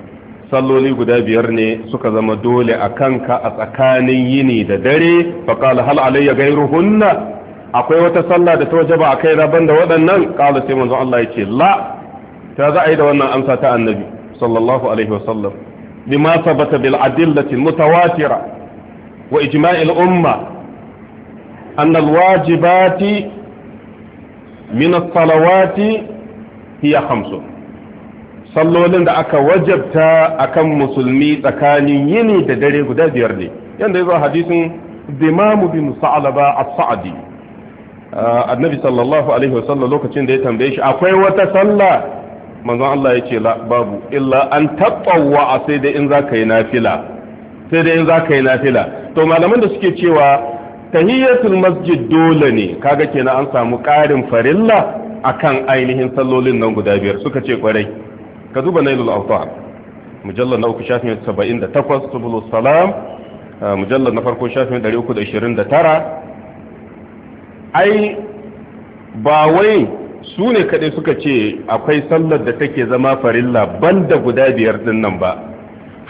salloli guda biyar ne suka zama dole a kanka a tsakanin yini da dare faƙala hal alayya gairuhunna akwai wata sallah da ta wajaba a kai rabon da waɗannan ƙala sai manzon Allah ya ce la ta za a yi da wannan amsa ta annabi sallallahu alaihi wasallam sabata bil adillati mutawatira wa ijma'il umma anna al wajibati min as-salawati hiya khamsun sallolin da aka wajabta akan musulmi tsakanin yini da dare guda biyar ne yadda ya zo hadisin zimamu bin sa'alaba Sa'adi, sadi ah, annabi sallallahu alaihi wasallam lokacin da ya tambaye shi akwai wata sallah manzon Allah ya ce babu illa an tatawwa sai dai in zaka yi nafila sai dai in zaka yi nafila to malaman da suke cewa tahiyatul masjid dole ne kaga kenan an samu ƙarin farilla akan ainihin sallolin nan guda biyar suka ce kwarai ka duba nailul autar mujallar na uku shafin da saba'in 78 subulus salam mujallar na farko shafin uku da da tara. ai ba wai su ne kaɗai suka ce akwai sallar da take zama farilla da guda biyar din nan ba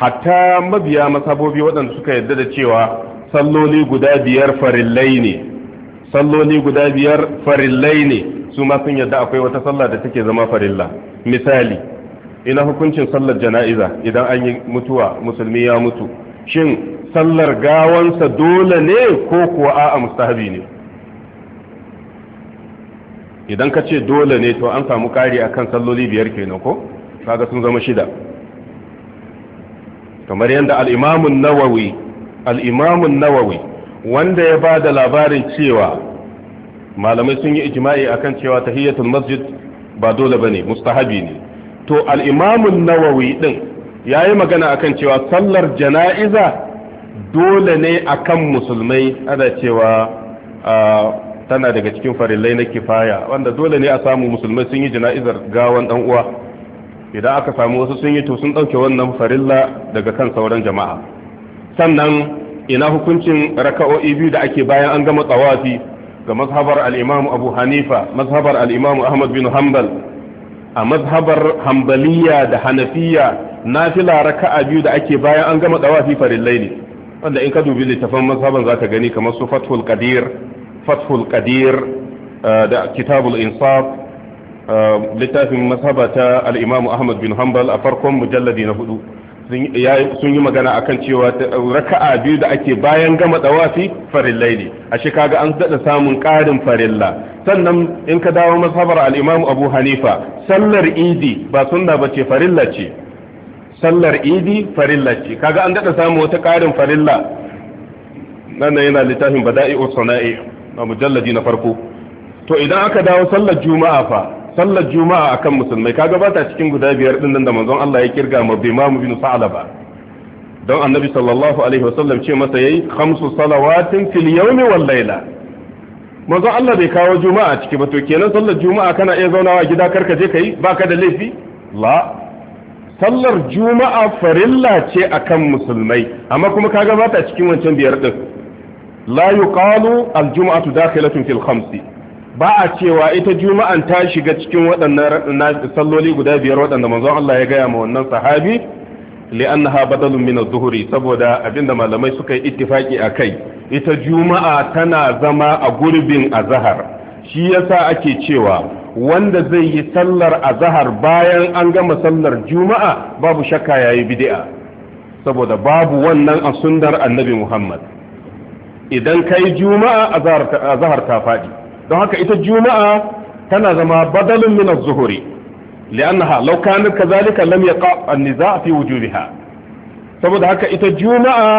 hatta mabiya masabobi waɗanda suka yadda da cewa salloli guda biyar farillai ne salloli guda biyar farillai ne su ma sun yarda akwai wata sallah da take zama farilla misali ina hukuncin sallar jana'iza idan an yi mutuwa musulmi ya mutu shin sallar gawansa dole ne ko kuwa a'a mustahabi ne idan ka ce dole ne to an samu kari akan salloli biyar kenan ko kaga sun zama shida kamar yadda al'imamun nawawi al'imamun nawawi wanda ya ba da labarin cewa malamai sun yi ijima'i akan cewa tahiyyatul masjid ba dole ba ne mustahabi ne to al'imamun nawawi ɗin ya yi magana akan cewa sallar jana'iza dole ne akan musulmai ana cewa tana daga cikin farillai na kifaya wanda dole ne a samu musulmai sun yi jana'izar gawan ɗan uwa idan aka samu wasu sun yi to sun ɗauke wannan farilla daga kan sauran jama'a sannan ina hukuncin raka'o'i biyu da ake bayan an gama tsawafi ga mazhabar al'imamu abu hanifa mazhabar al'imamu ahmad bin hanbal a mazhabar hambaliya da hanafiya nafila raka'a biyu da ake bayan an gama fi farillai ne wanda in ka dubi littafan mazhaban zaka gani kamar su fathul qadir fathul qadir eh, da kitabul insaf eh, littafin ta al-imam ahmad bin hanbal a farkon mujalladi na hudu sun yi magana akan cewa raka'a biyu da ake bayan gama tsawafi farillai ne a kaga an daɗa samun ƙarin farilla sannan in ka dawo masabar al'imamu abu hanifa sallar idi ba sunna ba ce farilla ce sallar idi farilla ce kaga an daɗa samun wata ƙarin farilla nan yana littafin bada'i sana'i a mujalladi na farko to idan aka dawo sallar juma'a fa sallar juma'a akan musulmai kaga ba ta cikin guda biyar din nan da manzon Allah ya kirga ma bimamu bin sa'laba don annabi sallallahu alaihi wasallam ce masa yayi khamsu salawatin fil yawmi wal layla manzon Allah bai kawo juma'a ciki ba to kenan sallar juma'a kana iya zaunawa gida karka je kai baka da laifi la sallar juma'a farilla ce akan musulmai amma kuma kaga ba ta cikin wancan biyar din la yuqalu al juma'atu dakhilatun fil khamsi ba a cewa ita juma'an ta shiga cikin waɗannan salloli guda biyar waɗanda manzo Allah ya gaya ma wannan sahabi li'annaha badalun min az-zuhri saboda abinda malamai suka yi ittifaki akai ita juma'a tana zama a gurbin azhar shi yasa ake cewa wanda zai yi sallar azhar bayan an gama sallar juma'a babu shakka yayi bid'a saboda babu wannan a sunnar annabi Muhammad idan kai juma'a azhar ta faɗi don haka ita juma'a tana zama badalin min az-zuhri li'annaha law kana kadhalika lam yaqa an-niza' fi wujubiha saboda haka ita juma'a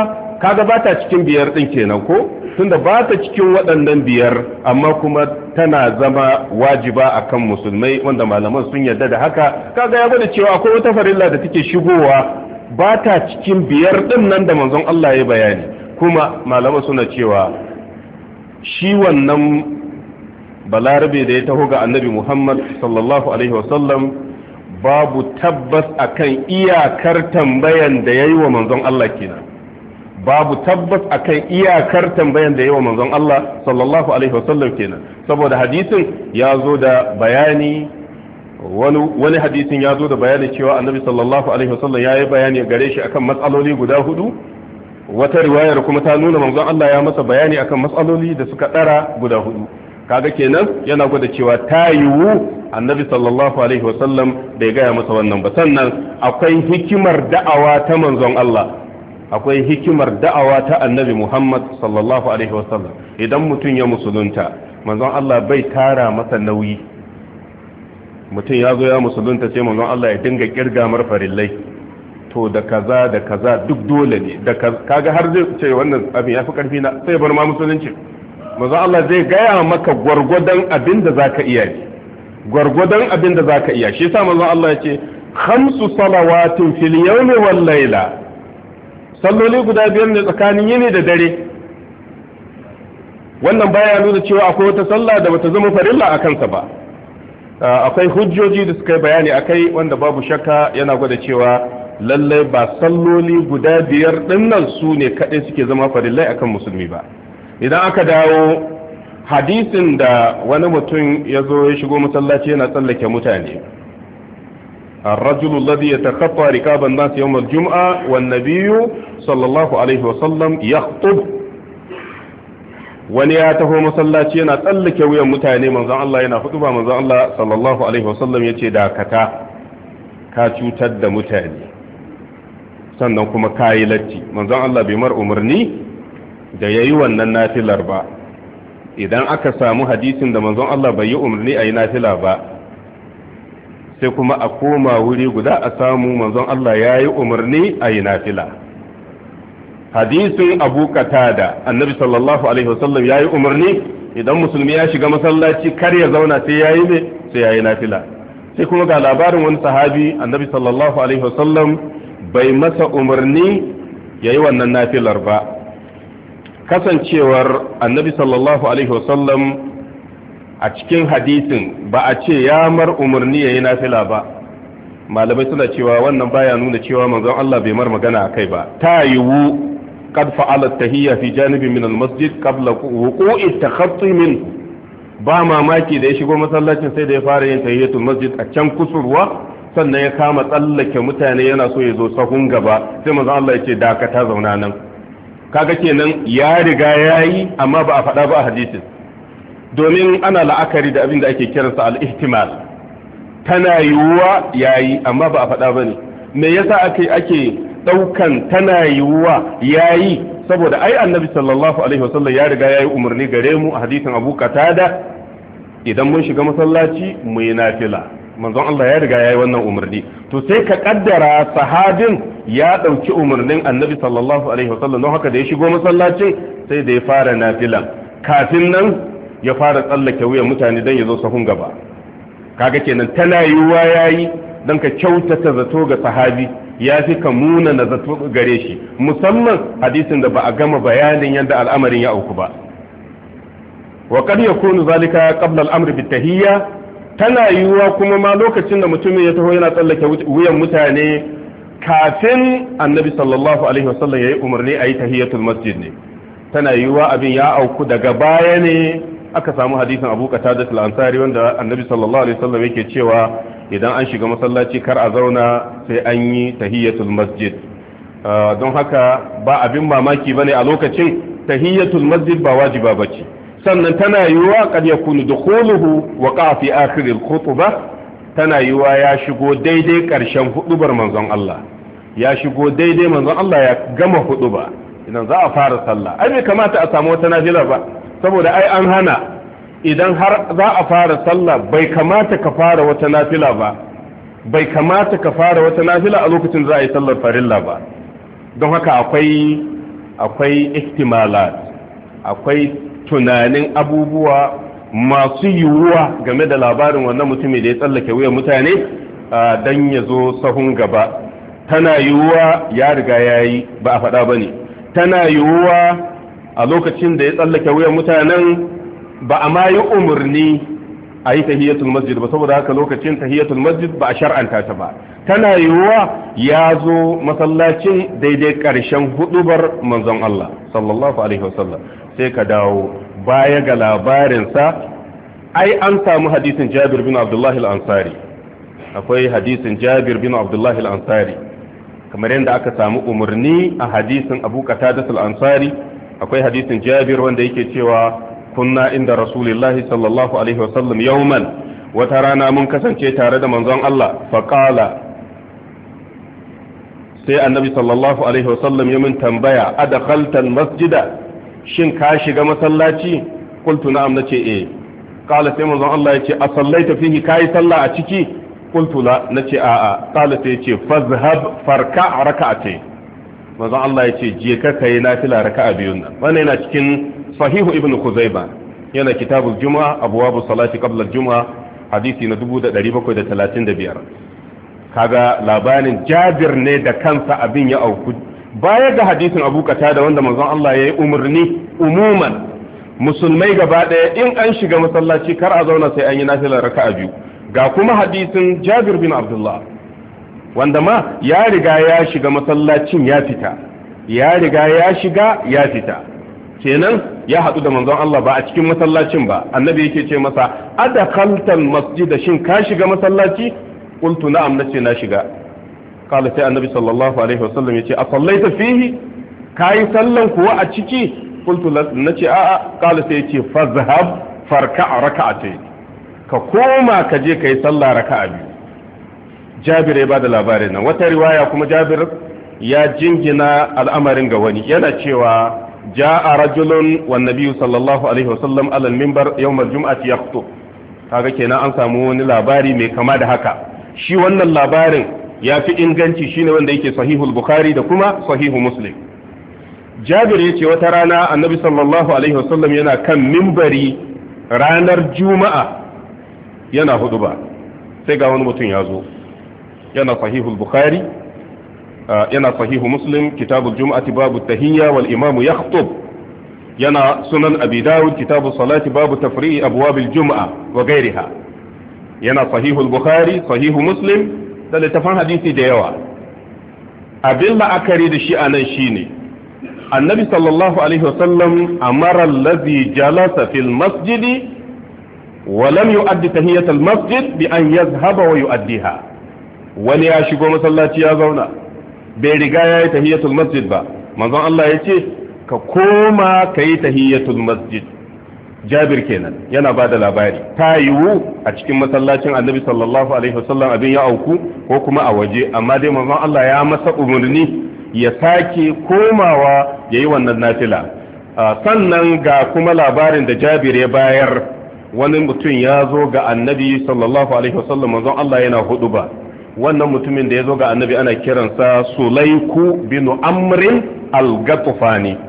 kaga bata cikin biyar din kenan ko tunda bata cikin waɗannan biyar amma kuma tana zama wajiba akan musulmai wanda malaman sun yarda da haka kaga ya gwada cewa akwai wata farilla da take shigowa bata cikin biyar din nan da manzon Allah ya bayani kuma malaman suna cewa shi wannan balarabe da ya taho ga annabi muhammad sallallahu alaihi wasallam babu tabbas akan iyakar tambayan da ya yi wa manzon Allah kenan babu tabbas akan iyakar tambayan da ya yi wa manzon Allah sallallahu alaihi wasallam kenan saboda hadisin ya zo da bayani wani hadisin ya zo da bayani cewa annabi sallallahu alaihi wasallam ya yi bayani gare shi akan matsaloli guda hudu wata riwayar kuma ta nuna manzon Allah ya masa bayani akan matsaloli da suka dara guda hudu kaga kenan yana gwada cewa ta yiwu annabi sallallahu alaihi wasallam bai gaya masa wannan ba sannan akwai hikimar da'awa ta manzon Allah akwai hikimar da'awa ta annabi Muhammad sallallahu alaihi wasallam idan mutum ya musulunta manzon Allah bai tara masa nauyi mutum ya zo ya musulunta sai manzon Allah ya dinga kirga marfarillai to da kaza da kaza duk dole ne da kaga har zai ce wannan abin yafi karfi na sai bar ma musulunci maza Allah zai gaya maka gwargwadon abin da za ka iya ne gwargwadon abin da za ka iya shi sa maza Allah ya ce hamsu salawatin fili yawmi wal laila salloli guda biyar ne tsakanin yini da dare wannan baya nuna cewa akwai wata sallah da bata zama farilla a kansa ba akwai hujjoji da suka yi bayani akai wanda babu shakka yana gwada cewa lallai ba salloli guda biyar dinnan su ne kaɗai suke zama farillai akan musulmi ba idan aka dawo hadisin da wani mutum ya zo ya shigo masallaci yana tsallake mutane الرجل الذي يتخطى ركاب الناس يوم الجمعة والنبي صلى الله عليه وسلم يخطب wani ya taho masallaci yana tsallake wuyan mutane manzon Allah yana hutuba manzon Allah sallallahu alaihi wasallam yace dakata ka cutar da mutane sannan kuma kayi latti manzon Allah bai mara umarni da ya yi wannan nafilar ba idan aka samu hadisin da manzon Allah bai yi umarni a yi nafila ba sai kuma a koma wuri guda a samu manzon Allah ya yi umarni a yi nafila hadisin abu da annabi sallallahu alaihi wasallam ya yi umarni idan musulmi ya shiga masallaci kar ya zauna sai ya yi sai ya yi nafila sai kuma ga labarin wani sahabi annabi sallallahu alaihi wasallam bai masa umarni ya yi wannan nafilar ba kasancewar annabi sallallahu alaihi wasallam a cikin hadisin ba a ce ya mar umarni yayi nafila ba malamai suna cewa wannan baya nuna cewa manzon Allah bai mar magana kai ba ta yiwu qad fa'ala tahiyya fi janibi min al-masjid qabla wuqu'i min. ba mamaki da ya shigo masallacin sai da ya fara yin tahiyyatul masjid a can kusurwa sannan ya kama tsallake mutane yana so ya zo sahun gaba sai manzon Allah ya ce dakata zauna nan kaga kenan ya riga yayi amma ba a faɗa ba a hadisin domin ana la'akari da abin da ake kiransa al-ihtimal tana yiwuwa yayi amma ba a faɗa ba ne me yasa ake ake ɗaukan tana yiwuwa yayi saboda ai annabi sallallahu alaihi wasallam ya riga yayi umarni gare mu a hadisin Abu katada idan mun shiga masallaci mu yi nafila manzon Allah ya riga yayi wannan umarni to sai ka kaddara sahabin ya ɗauki umarnin annabi sallallahu alaihi wasallam don haka da ya shigo masallacin sai da ya fara nafila kafin nan ya fara tsallake wuyan mutane don ya zo sahun gaba kaga kenan tana yiwuwa yayi don ka kyautata zato ga sahabi ya fi ka muna na zato gare shi musamman hadisin da ba a gama bayanin yadda al'amarin ya auku ba wa kad yakunu zalika qabla al bitahiyya tana yiwuwa kuma ma lokacin da mutumin ya taho yana tsallake wuyan mutane kafin annabi sallallahu alaihi wasallam ya yi umarni a yi tahiyatul masjid ne tana yiwuwa abin ya auku daga baya ne aka samu hadisin abu qatada al-ansari wanda annabi sallallahu alaihi wasallam yake cewa idan an shiga masallaci kar a zauna sai an yi tahiyatul masjid ah, don haka ba abin mamaki bane a lokacin tahiyatul masjid ba wajiba bace sannan tana yiwuwa kad da dukhuluhu wa fi akhir al ba tana yiwuwa ya shigo daidai karshen hudubar manzon Allah ya shigo daidai manzon Allah ya gama huduba idan za a fara sallah ai bai kamata a samu wata nafila ba saboda ai an hana idan har za a fara sallah bai kamata ka fara wata nafila ba bai kamata ka fara wata nafila a lokacin za a yi sallar farilla ba don haka akwai akwai ihtimalat akwai tunanin abubuwa masu yiwuwa game da labarin wannan mutumin da ya tsallake wuyan mutane don ya zo sahun gaba tana yiwuwa ya riga ya yi ba a faɗa ba ne tana yiwuwa a lokacin da ya tsallake wuyan mutanen ba a ma yi umarni a yi tahiyatul masjid ba saboda haka lokacin tahiyatul masjid ba a shar'anta ta ba tana yiwuwa ya zo masallacin daidai ƙarshen hudubar manzon Allah sallallahu alaihi wasallam sai ka dawo baya ga labarinsa ai an samu hadisin jabir bin abdullahi al-ansari akwai hadisin jabir bin abdullahi al-ansari kamar yadda aka samu umarni a hadisin abu qatadah al-ansari akwai hadisin jabir wanda yake cewa kunna inda rasulillahi sallallahu alaihi wasallam yawman wata rana mun kasance tare da manzon Allah faƙala sai annabi sallallahu alaihi wasallam ya min tambaya a al-masjida shin ka shiga masallaci qultu na'am ce eh qala sai manzon Allah ya ce a sallai sallaita fihi kai sallah a ciki qultu la ce a a qala sai ce fazhab farka rak'atayn manzon Allah ya yace je ka kai nafila raka'a biyun nan wannan yana cikin sahihu ibnu khuzaima yana kitabul juma'a abwabu salati qabla jumaa hadisi na 1735 kaga labarin jabir ne da kansa abin ya auku baya ga hadisin abu da wanda manzon Allah ya yi umarni umuman musulmai gaba ɗaya in an shiga masallaci kar a zauna sai an yi nafilar raka'a biyu ga kuma hadisin jabir bin abdullah wanda ma ya riga ya shiga masallacin ya fita ya riga ya shiga ya fita kenan ya haɗu da manzon Allah ba a cikin masallacin ba annabi yake ce masa adakaltal masjid shin ka shiga masallaci qultu na'am nace na shiga قال سي النبي صلى الله عليه وسلم يتي أصليت فيه كاي سلم كوا أتشكي قلت نتي آآ قال سي يتي فاذهب فاركع ركعتين كقوما كجي كي صلى ركع بيو جابر يباد الأبارنا وترواية كما جابر يا جنجنا الأمر غواني ينا تشيوا جاء رجل والنبي صلى الله عليه وسلم على المنبر يوم الجمعة يخطب kaga kenan an samu wani labari mai kama da haka shi wannan labarin ya fi inganci shine wanda yake sahihul bukhari da kuma sahihu muslim jabir ya ce wata rana annabi sallallahu alaihi wasallam yana kan mimbari ranar juma'a yana hudu ba sai ga wani mutum ya zo yana sahihul bukhari yana sahihu muslim kitabul juma'ati babu tahiyya wal imamu yakhutub yana sunan abi dawud kitabu salati babu tafri'i abwabil juma'a wa gairiha yana sahihul bukhari sahihu muslim da littafan hadisi da yawa abin la'akari da shi a nan shi ne annabi sallallahu alaihi wasallam amara allazi jalasa fil masjidi wa lam yu'addi tahiyatul masjid bi an yazhaba wa ha. wani ya shigo masallaci ya zauna bai riga yayi ta masjid ba manzon Allah ya ce ka koma kayi ta masjid jabir kenan yana ba da labari ta yiwu a cikin masallacin annabi sallallahu alaihi wasallam abin ya auku ko kuma a waje amma dai manzon Allah ya masa umarni ya sake komawa ya yi wannan nafila sannan ga kuma labarin da jabir ya bayar wani mutum ya zo ga annabi sallallahu alaihi wasallam manzon Allah yana hudu ba wannan mutumin da ya zo ga annabi ana kiransa sulaiku bin amrin al-gatufani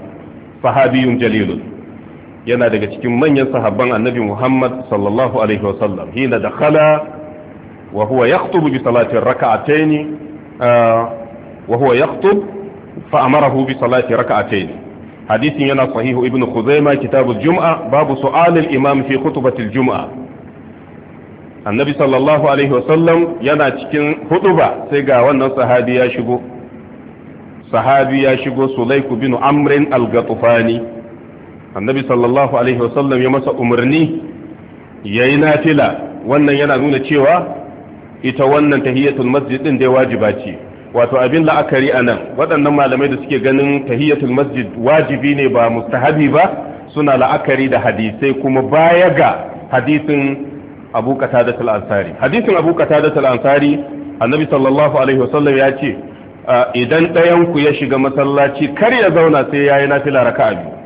sahabiyun jalilun yana daga cikin manyan sahabban annabi Muhammad sallallahu alaihi wasallam hina da khala wa huwa yaktubu bi salati raka'ataini uh, wa huwa yaktub fa amarahu bi salati raka'ataini hadisin yana sahihu ibn khuzaima kitabul jum'a babu su'al al imam fi khutbatil jum'a annabi sallallahu alaihi wasallam yana cikin hutuba sai ga wannan sahabi ya shigo sahabi ya shigo sulaiku bin amrin al-gatufani annabi sallallahu alaihi wasallam ya masa umarni ya yi nafila wannan yana nuna cewa ita wannan tahiyatul masjid din dai wajiba ce wato abin la'akari a nan waɗannan malamai da suke ganin tahiyatul masjid wajibi ne ba mustahabi ba suna la'akari da hadisai kuma baya ga hadisin abu qatadatul ansari hadisin abu qatadatul ansari annabi sallallahu alaihi wasallam ya ce idan ɗayan ku ya shiga masallaci kar ya zauna sai yayi nafila raka'a biyu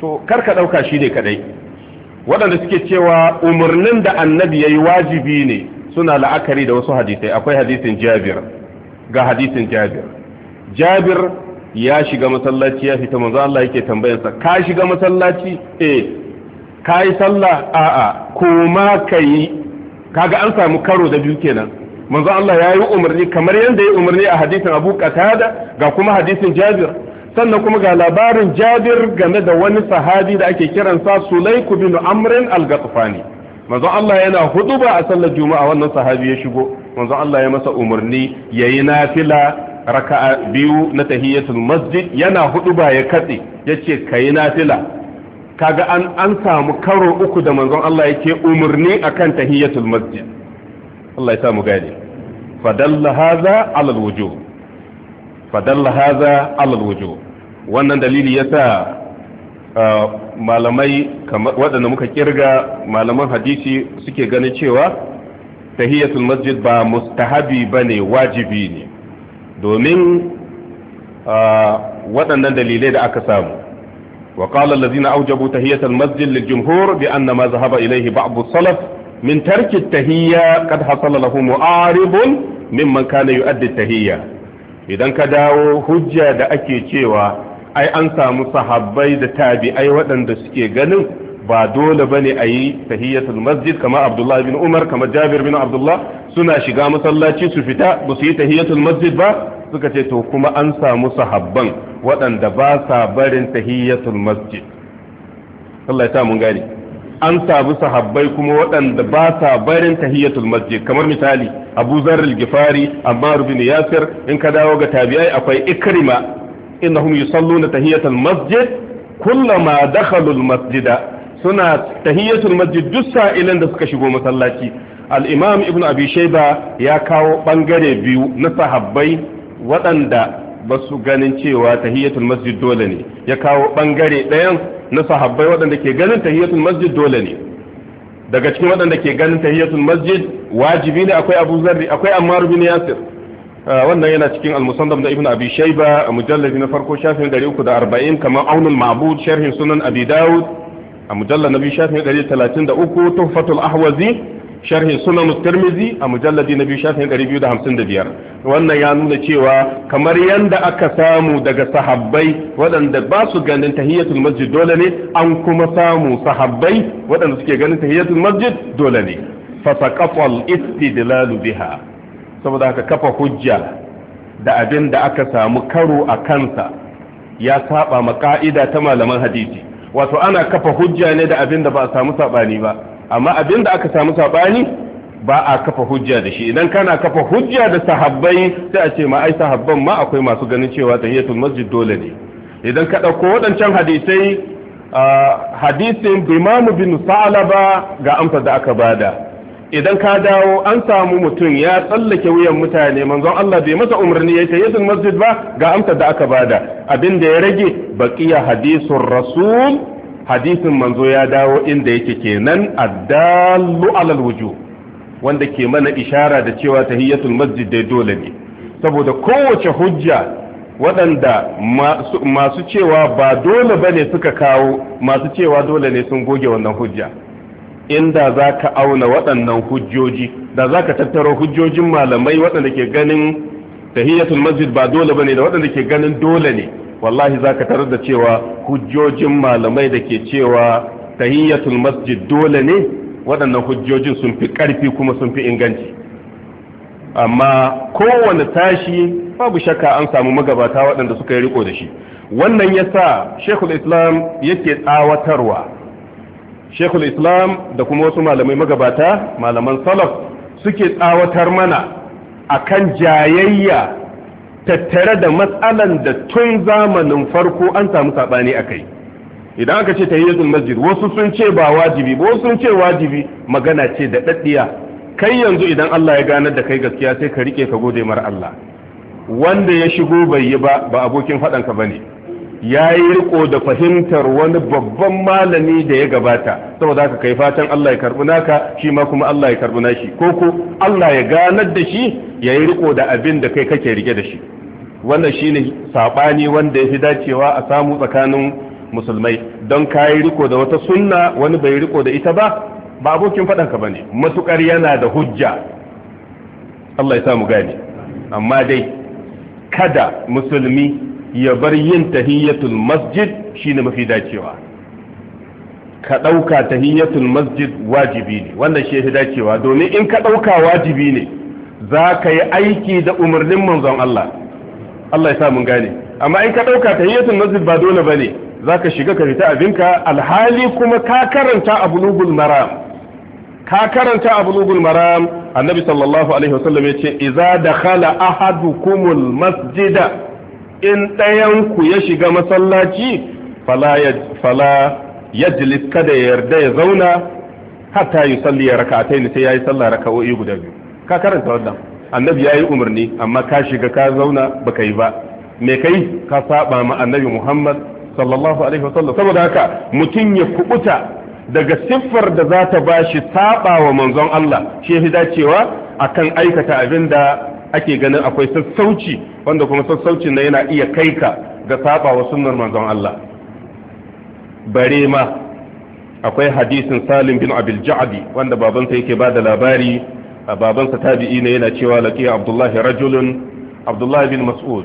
to karka ɗauka shi ne kadai waɗanda suke cewa umarnin da annabi ya yi wajibi ne suna la'akari da wasu hadisai akwai hadisin jabir ga hadisin jabir jabir ya shiga masallaci ya fita manzo Allah yake tambayarsa ka shiga masallaci eh ka yi sallah a'a koma ka yi kaga an samu karo da biyu kenan manzo Allah ya yi umarni kamar yadda ya umarni a hadisin Abu Qatada ga kuma hadisin Jabir sannan kuma ga labarin jabir game da wani sahabi da ake kiransa sulaiku bin amrin al-gatfani manzo Allah yana huduba a sallar juma'a wannan sahabi ya shigo manzo Allah ya masa umarni yayi nafila raka'a biyu na tahiyatul masjid yana huduba ya katse yace kai nafila kaga an an samu karo uku da manzon Allah yake umarni akan tahiyatul masjid Allah ya sa mu gane fadalla hadha ala al-wujub fadalla haza alal wujo wannan dalili yasa malamai waɗanda muka kirga malaman hadisi suke ganin cewa tahiyatul masjid ba mustahabi bane wajibi ne domin waɗannan dalilai da aka samu wa qala allazina awjabu tahiyatul masjid lil jumhur bi anna ma zahaba ilayhi ba'd salaf min tarki tahiyya qad hasala lahu mu'aribun mimman kana yu'addi tahiyya idan ka dawo hujja da ake cewa ai an samu sahabbai da tabi'ai waɗanda suke ganin ba dole ba ne a yi tahiyyatul masjid kama abdullahi bin umar kama jabir bin abdullah suna shiga masallaci su fita ba su yi tahiyyatul masjid ba suka ce to kuma an samu sahabban waɗanda ba sa barin tahiyyatul masjid Allah ya sa mun gane an sabu sahabbai kuma waɗanda ba sa barin tahiyatul masjid kamar misali Abu Zarr al Amma Ammar bin Yasir in ka dawo ga tabi'ai akwai Ikrima innahum yusalluna tahiyatul masjid kullama dakhalu al-masjida suna tahiyatul masjid duk sa'ilan da suka shigo masallaci al-Imam Ibn Abi Shayba ya kawo bangare biyu na sahabbai waɗanda ba su ganin cewa tahiyatul masjid dole ne ya kawo bangare ɗayan na sahabbai waɗanda ke ganin tahiyatul masjid dole ne daga cikin waɗanda ke ganin tahiyatul masjid wajibi ne akwai Abu Zarri akwai Ammar bin Yasir ah, wannan yana cikin al-musannaf da Ibn Abi Shayba a mujallad na farko shafin 340 kamar Aunul Ma'bud sharhin Sunan Abi Dawud a mujallad biyu shafin 133 Tuhfatul Ahwazi sharhin sunan tirmizi a mujalladi na biyu shafin 255 wannan ya nuna cewa kamar yadda aka samu daga sahabbai waɗanda ba su ganin tahiyatul masjid dole ne an kuma samu sahabbai waɗanda suke ganin tahiyatul masjid dole ne fasaqafal istidlalu biha saboda haka kafa hujja da abin da aka samu karo a kansa ya saba ma ka'ida ta malaman hadisi wato ana kafa hujja ne da abin da ba a samu saɓani ba amma abin da aka samu sabani ba a kafa hujja da shi idan kana kafa hujja da sahabbai sai a ce ma ai sahabban ma akwai masu ganin cewa tahiyatul masjid dole ne idan ka dauko wadancan hadisai hadisin Imam bin Salaba ga amsa da aka bada idan ka dawo an samu mutum ya tsallake wuyan mutane manzon Allah bai masa umarni ya tahiyatul masjid ba ga amsa da aka bada abin da ya rage baqiya hadisul rasul hadisin manzo ya dawo inda yake kenan addallu alal wuju wanda ke mana ishara da cewa tahiyatul masjid dai dole ne saboda kowace hujja waɗanda masu cewa ba dole bane suka kawo masu cewa dole ne sun goge wannan hujja inda za ka auna waɗannan hujjoji da za ka tattaro hujjojin malamai waɗanda ke ganin tahiyatul masjid ba dole bane da waɗanda ke ganin dole ne wallahi za ka tarar da cewa hujjojin malamai da ke cewa tahiyyatul masjid dole ne waɗannan hujjojin sun fi ƙarfi kuma sun fi inganci amma kowane tashi babu shakka an samu magabata waɗanda suka yi riko da shi wannan yasa shekul islam yake tsawatarwa shekul islam da kuma wasu malamai magabata malaman salaf suke tsawatar mana akan jayayya tattare da matsalan da tun zamanin farko an samu saɓani a kai idan aka ce ta yi tahiyyatul masjid wasu sun ce ba wajibi ba wasu sun ce wajibi magana ce da ɗaɗɗiya kai yanzu idan Allah ya ganar da kai gaskiya sai ka rike ka gode mara Allah wanda ya shigo bai yi ba ba abokin faɗan ba ne. ya yi riko da fahimtar wani babban malami da ya gabata saboda haka kai fatan Allah ya karbi naka shi ma kuma Allah ya karbi nashi ko ko Allah ya ganar da shi ya yi riko da abin da kai kake rike da shi wannan shine sabani wanda yafi dacewa a samu tsakanin musulmai don yi riko da wata sunna wani bai riko da ita ba ba abokin faɗanka ba ne matukar yana da hujja Allah ya samu gane amma dai kada musulmi ya bar yin tahiyyatul masjid shine mafi dacewa ka ɗauka tahiyyatul masjid wajibi ne wannan shi ya dacewa domin in ka ɗauka wajibi ne za ka yi aiki da umarnin manzon Allah Allah ya sa mun gane amma in ka ɗauka tahiyyatul masjid ba dole ba ne za ka shiga ka fita abinka alhali kuma ka karanta a bulugul maram ka karanta a bulugul maram annabi sallallahu alaihi wasallam ya ce iza dakhala ahadukumul masjida in ɗayanku ya shiga masallaci fala yajlis kada ya yarda ya zauna hatta yi salli ya raka'ataini sai yayi sallah raka'o'i guda biyu ka karanta wannan annabi ya yi umarni amma ka shiga ka zauna ba ka yi ba me kai ka saba ma annabi Muhammad sallallahu alaihi wasallam saboda haka mutum ya kubuta daga siffar da za ta shi saba wa manzon Allah shi ya fi dacewa akan aikata abin da ake ganin akwai sassauci wanda kuma sassauci na yana iya kai ka ga saba wa sunnar manzon Allah bare ma akwai hadisin Salim bin Abil Ja'di wanda babansa yake bada labari babansa tabi'i ne yana cewa laqiya Abdullahi rajulun Abdullahi bin Mas'ud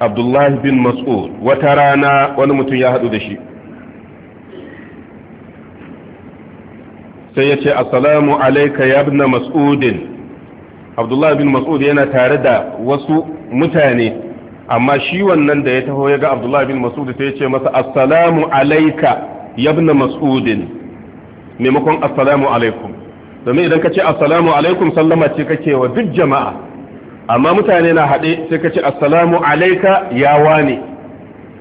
Abdullahi bin Mas'ud wata rana wani mutum ya hadu da shi sai ya ce assalamu alaika ya ibn mas'udin abdullahi bin mas'ud yana tare da wasu mutane amma shi wannan da ya taho ya ga abdullahi bin mas'ud sai ya ce masa assalamu alayka yabna mas'udin maimakon assalamu alaikum domin idan ka ce assalamu alaikum sallama ce kake wa duk jama'a amma mutane na haɗe sai ka ce assalamu alaika ya wane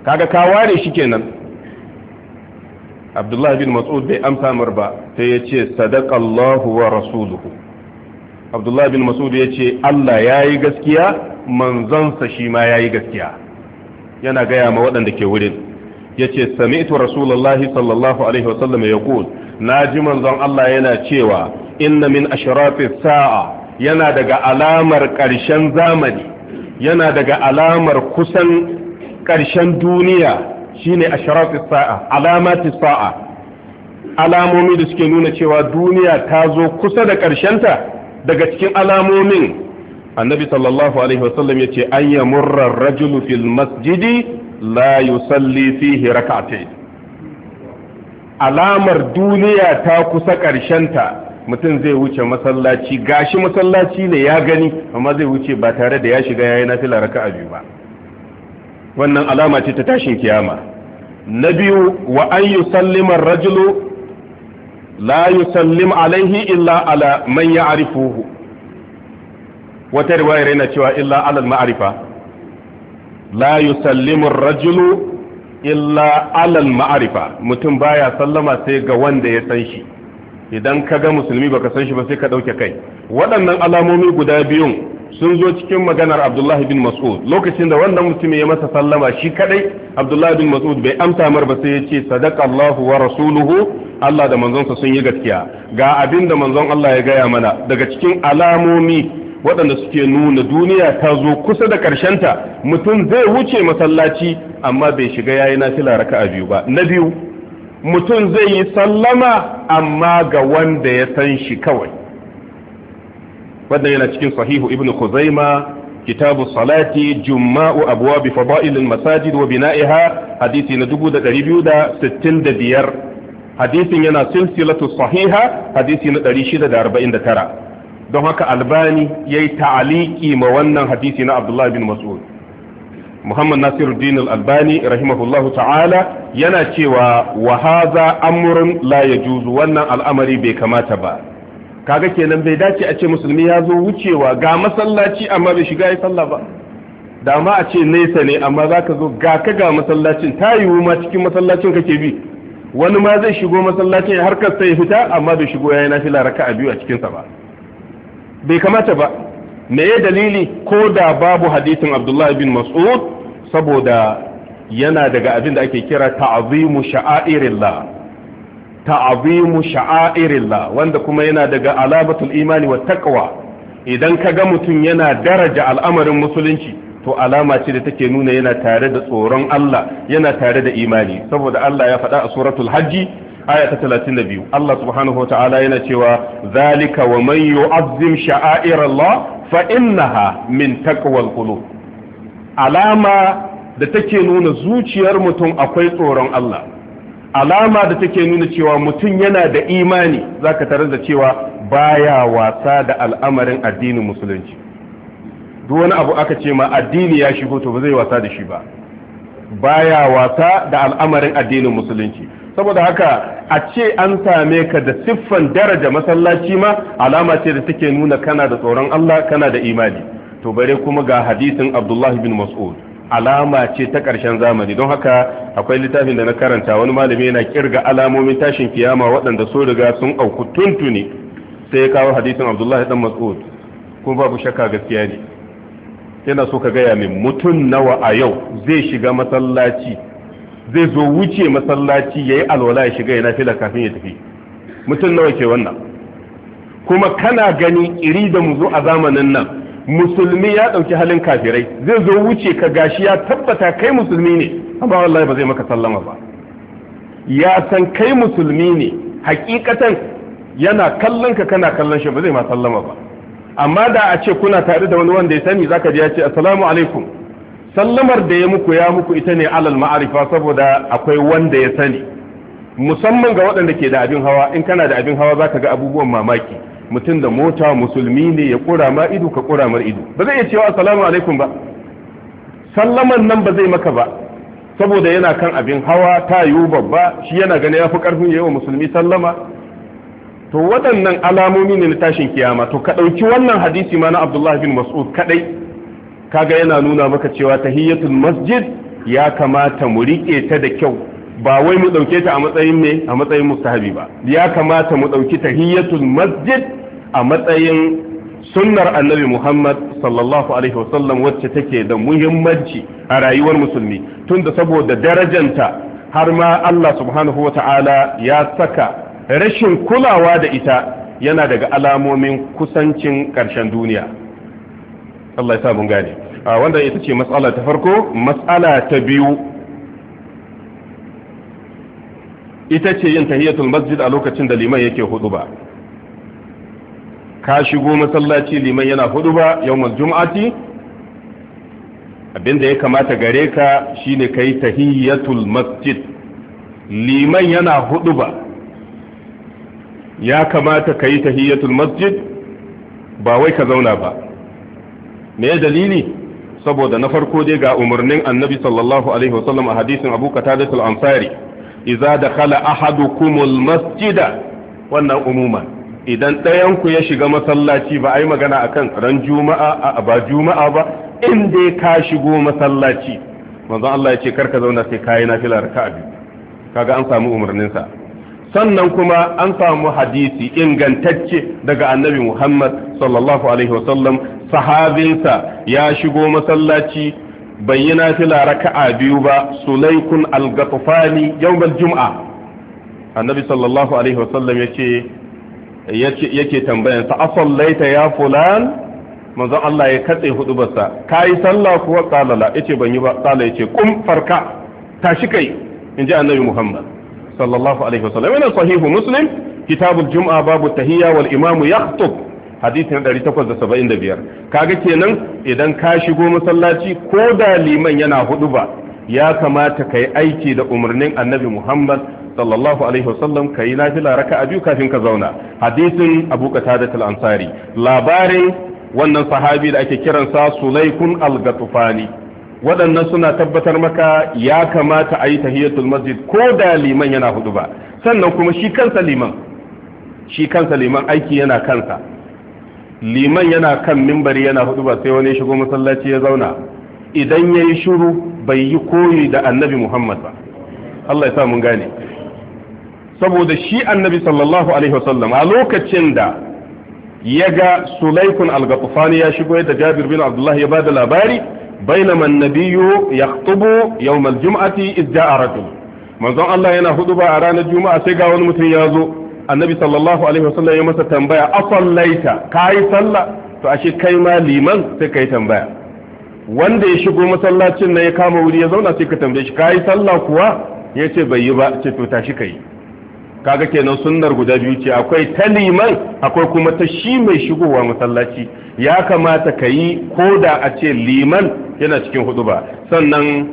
kaga ka wane shi kenan abdullahi bin mas'ud bai amsa mar ba sai ya ce sadaqallahu wa rasuluhu abdullah bin masud ya ce allah ya yi gaskiya manzansa shi ma ya yi gaskiya yana gaya ma waɗanda ke wurin ya ce sami'tu Rasulallah sallallahu alaihi wasallam ya kul na ji manzon allah yana cewa inna min ashrafi sa'a yana daga alamar ƙarshen zamani yana daga alamar kusan ƙarshen duniya shine ashrafi sa'a alamati sa'a alamomi da suke nuna cewa duniya ta zo kusa da ƙarshenta daga cikin alamomin annabi sallallahu alaihi wasallam yace an yamurra ar-rajulu fil masjidi la yusalli fihi rak'atayn alamar duniya ta kusa ta mutum zai wuce masallaci gashi masallaci ne ya gani amma zai wuce ba tare da ya shiga yayi nafila raka'a biyu ba wannan alama ce ta tashin kiyama na biyu wa an ar-rajulu la yusallim illa ala man ya'rifuhu wata riwayar yana cewa illa ala ma'rifa la rajulu illa ala ma'rifa mutum baya sallama sai ga wanda ya san shi idan ka ga musulmi baka san shi ba sai ka dauke kai waɗannan alamomi guda biyun sun zo cikin maganar Abdullahi bin Mas'ud lokacin da wannan mutumin ya masa sallama shi kadai Abdullahi bin Mas'ud bai amsa mar ba sai ya ce sadaqa Allahu wa rasuluhu Allah da manzonsa sun yi gaskiya ga abin da manzon Allah ya gaya mana daga cikin alamomi waɗanda suke nuna duniya ta zo kusa da ta mutum zai wuce masallaci amma bai shiga yayi nafila a biyu ba na biyu mutum zai yi sallama amma ga wanda ya san shi kawai wannan yana cikin sahihu ibnu khuzaima kitabu salati juma'u abwab fada'il al-masajid wa bina'iha hadisi na 2265 hadisin yana silsilatu sahiha hadisi na 649 don haka albani yayi ta'aliki ma wannan hadisi na abdullahi bin mas'ud muhammad nasiruddin albani rahimahullahu ta'ala yana cewa wa hadha amrun la yajuzu wannan al'amari bai kamata ba kaga kenan bai dace a ce musulmi ya zo wucewa ga masallaci amma bai shiga yi sallah ba da ma a ce nesa ne amma za ka zo ga ka ga masallacin ta yiwu ma cikin masallacin kake bi wani ma zai shigo masallacin ya harkar sai ya fita amma bai shigo yayin nafila a biyu a cikinsa ba bai kamata ba me ya dalili ko da babu hadisin Abdullah bin Mas'ud saboda yana daga abin da ake kira ta'zimu sha'airillah ta'zimu sha'airillah wanda kuma yana daga alabatul imani wa taqwa idan kaga mutum yana daraja al'amarin musulunci to alama ce da take nuna yana tare da tsoron Allah yana tare da imani saboda Allah ya faɗa a suratul hajji aya ta 32 Allah subhanahu wataala yana cewa zalika wa man yu'azzim sha'air Allah fa innaha min taqwal qulub alama da take nuna zuciyar mutum akwai tsoron Allah alama da take nuna cewa mutum yana da imani zaka tarar da cewa baya wasa da al'amarin addinin musulunci duk wani abu aka ce ma addini ya shigo to ba zai wasa da shi ba baya wasa da al'amarin addinin musulunci saboda haka a ce an same ka da siffan daraja masallaci ma alama ce da take nuna kana da tsoron Allah kana da imani to bare kuma ga hadisin Abdullah bin Mas'ud alama ce ta ƙarshen zamani don haka akwai littafin da na karanta wani malami yana kirga alamomin tashin kiyama waɗanda so riga sun auku tuntuni sai ya kawo hadisin Abdullah dan Mas'ud kuma babu shakka gaskiya ne yana so ka gaya min mutum nawa a yau zai shiga masallaci zai zo wuce masallaci ya yi alwala ya shiga yana fila kafin ya tafi mutum nawa ke wannan kuma kana gani iri da mu zo a zamanin nan musulmi ya ɗauki halin kafirai zai zo wuce ka gashi ya tabbata kai musulmi ne amma wallahi ba zai maka sallama ba ya san kai musulmi ne hakikatan yana kallon ka kana kallon shi ba zai ma sallama ba amma da a ce kuna tare da wani wanda ya sani zaka ji ya ce assalamu alaikum sallamar da ya muku ya muku ita ne alal ma'arifa saboda akwai wanda ya sani musamman ga waɗanda ke da abin hawa in kana da abin hawa zaka ga abubuwan mamaki mutum da mota musulmi ne ya kura ma ido ka kura mar ido ba zai iya cewa assalamu alaikum ba sallaman nan ba zai maka ba saboda yana kan abin hawa ta yiwu babba shi yana gani ya fi karfin wa musulmi sallama to waɗannan alamomi ne na tashin kiyama to ka ɗauki wannan hadisi ma na abdullahi bin mas'ud kaɗai kaga yana nuna maka cewa tahiyyatul masjid ya kamata mu riƙe ta da kyau ba wai mu ɗauke ta a matsayin me a matsayin mustahabi ba ya kamata mu ɗauki tahiyyatul masjid a matsayin sunnar annabi muhammad sallallahu alaihi wasallam wacce take da muhimmanci a rayuwar musulmi tunda saboda darajanta har ma allah subhanahu wa ta'ala ya saka rashin kulawa da ita yana daga alamomin kusancin ƙarshen duniya Allah ya sabon gane ah, wanda ita ce matsala ta farko matsala ta biyu ita ce yin tahiyatul masjid a lokacin da liman yake hudu ba ka shigo masallaci liman yana hudu ba yawan jum'ati abinda ya kamata gare ka shine kai tahiyyatul masjid liman yana hudu ba ya kamata ka yi tahiyyatul masjid ba wai ka zauna ba me dalili saboda na farko dai ga umarnin annabi sallallahu alaihi wasallam a hadisin abu qatadatul ansari idza dakhala ahadukumul masjida wannan umuman idan ɗayan ku ya shiga masallaci ba ai magana akan ran juma'a a ba juma'a ba in dai ka shigo masallaci manzon Allah ya ce ka zauna sai kayi nafila raka'a biyu kaga an samu umarnin sa sannan kuma an samu hadisi ingantacce daga annabi Muhammad sallallahu alaihi wasallam sahabinsa ya shigo masallaci yi nafila raka'a biyu ba sulaikun al yau yawmal jum'a annabi sallallahu alaihi wasallam yace yake tambayan sa asallaita ya fulan manzo Allah ya katse hudubarsa kai sallah kuwa qala la yace ban yi ba qala yace kum farka tashi kai inji annabi Muhammad sallallahu alaihi wasallam wannan sahihu muslim kitabul juma'a babu tahiyya wal imamu yakhutub hadisi na ka ga kenan idan ka shigo masallaci ko da liman yana hudu ba ya kamata ka yi aiki da umarnin annabi muhammad sallallahu alaihi wasallam kai nafila raka'a biyu kafin ka zauna hadisin abu qatada al-ansari labarin wannan sahabi da ake kiransa sulaykun al-gatufani waɗannan suna tabbatar maka ya kamata a yi tahiyatul masjid ko da liman yana hudu ba sannan kuma shi kansa liman shi kansa liman aiki yana kansa liman yana kan mimbari yana hudu ba sai wani shigo masallaci ya zauna idan ya yi shuru bai yi koyi da annabi muhammad ba Allah ya sa mun gane saboda shi annabi sallallahu alaihi wasallam a lokacin da ya ga sulaikun al ya shigo yadda jabir bin abdullah ya ba da labari bainama annabiyyu yakhutubu yawmal jum'ati idh ja'a rajul manzon Allah yana ba a ranar juma'a sai ga wani mutum ya zo annabi sallallahu alaihi wasallam ya masa tambaya asallaita kai sallah to ashe kai ma liman sai kai tambaya wanda ya shigo masallacin na ya kama wuri ya zauna sai ka tambaye shi kai sallah kuwa yace bai yi ba ce to ka yi. kaga kenan sunnar guda biyu ce akwai ta liman akwai kuma ta shi mai shigowa masallaci ya kamata ka yi ko da a ce liman yana cikin hudu ba sannan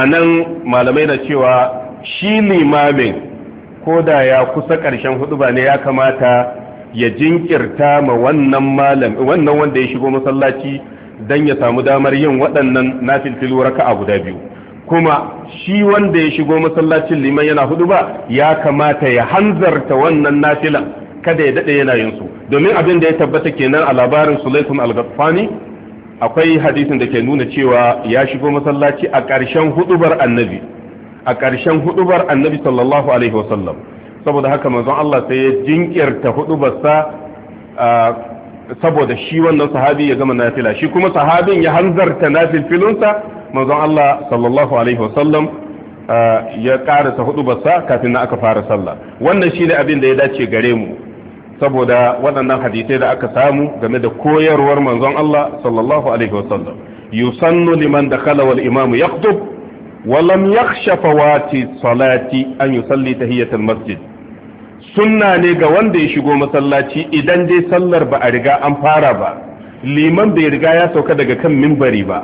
a nan malamai na cewa shi limamin ko da ya kusa ƙarshen hudu ba ne ya kamata ya jinkirta ma wannan malam wannan wanda ya shigo masallaci don ya samu damar yin waɗannan nafilfilu a guda biyu kuma shi wanda ya shigo masallacin liman yana hudu ba ya kamata ya hanzarta wannan nafilan kada ya dade yana yin su domin abin da ya tabbata kenan a labarin sulaiman al-Ghaffani akwai hadisin da ke nuna cewa ya shigo masallaci a ƙarshen hudubar annabi a ƙarshen hudubar annabi sallallahu alaihi wasallam saboda haka manzon Allah sai ya jinkirta sa saboda shi wannan sahabi ya zama nafila shi kuma sahabin ya hanzarta nafilfilinsa manzon Allah sallallahu alaihi wasallam uh, ya karasa bassa kafin na aka fara sallah wannan shine abin da ya dace gare mu saboda waɗannan hadisai da aka samu game da koyarwar manzon Allah sallallahu alaihi wasallam yusannu liman dakhala wal imam yaqtub wa lam yakhsha fawati salati an yusalli tahiyatul masjid sunna ne ga wanda ya shigo masallaci idan dai sallar ba a riga an fara ba liman bai riga ya sauka daga kan mimbari ba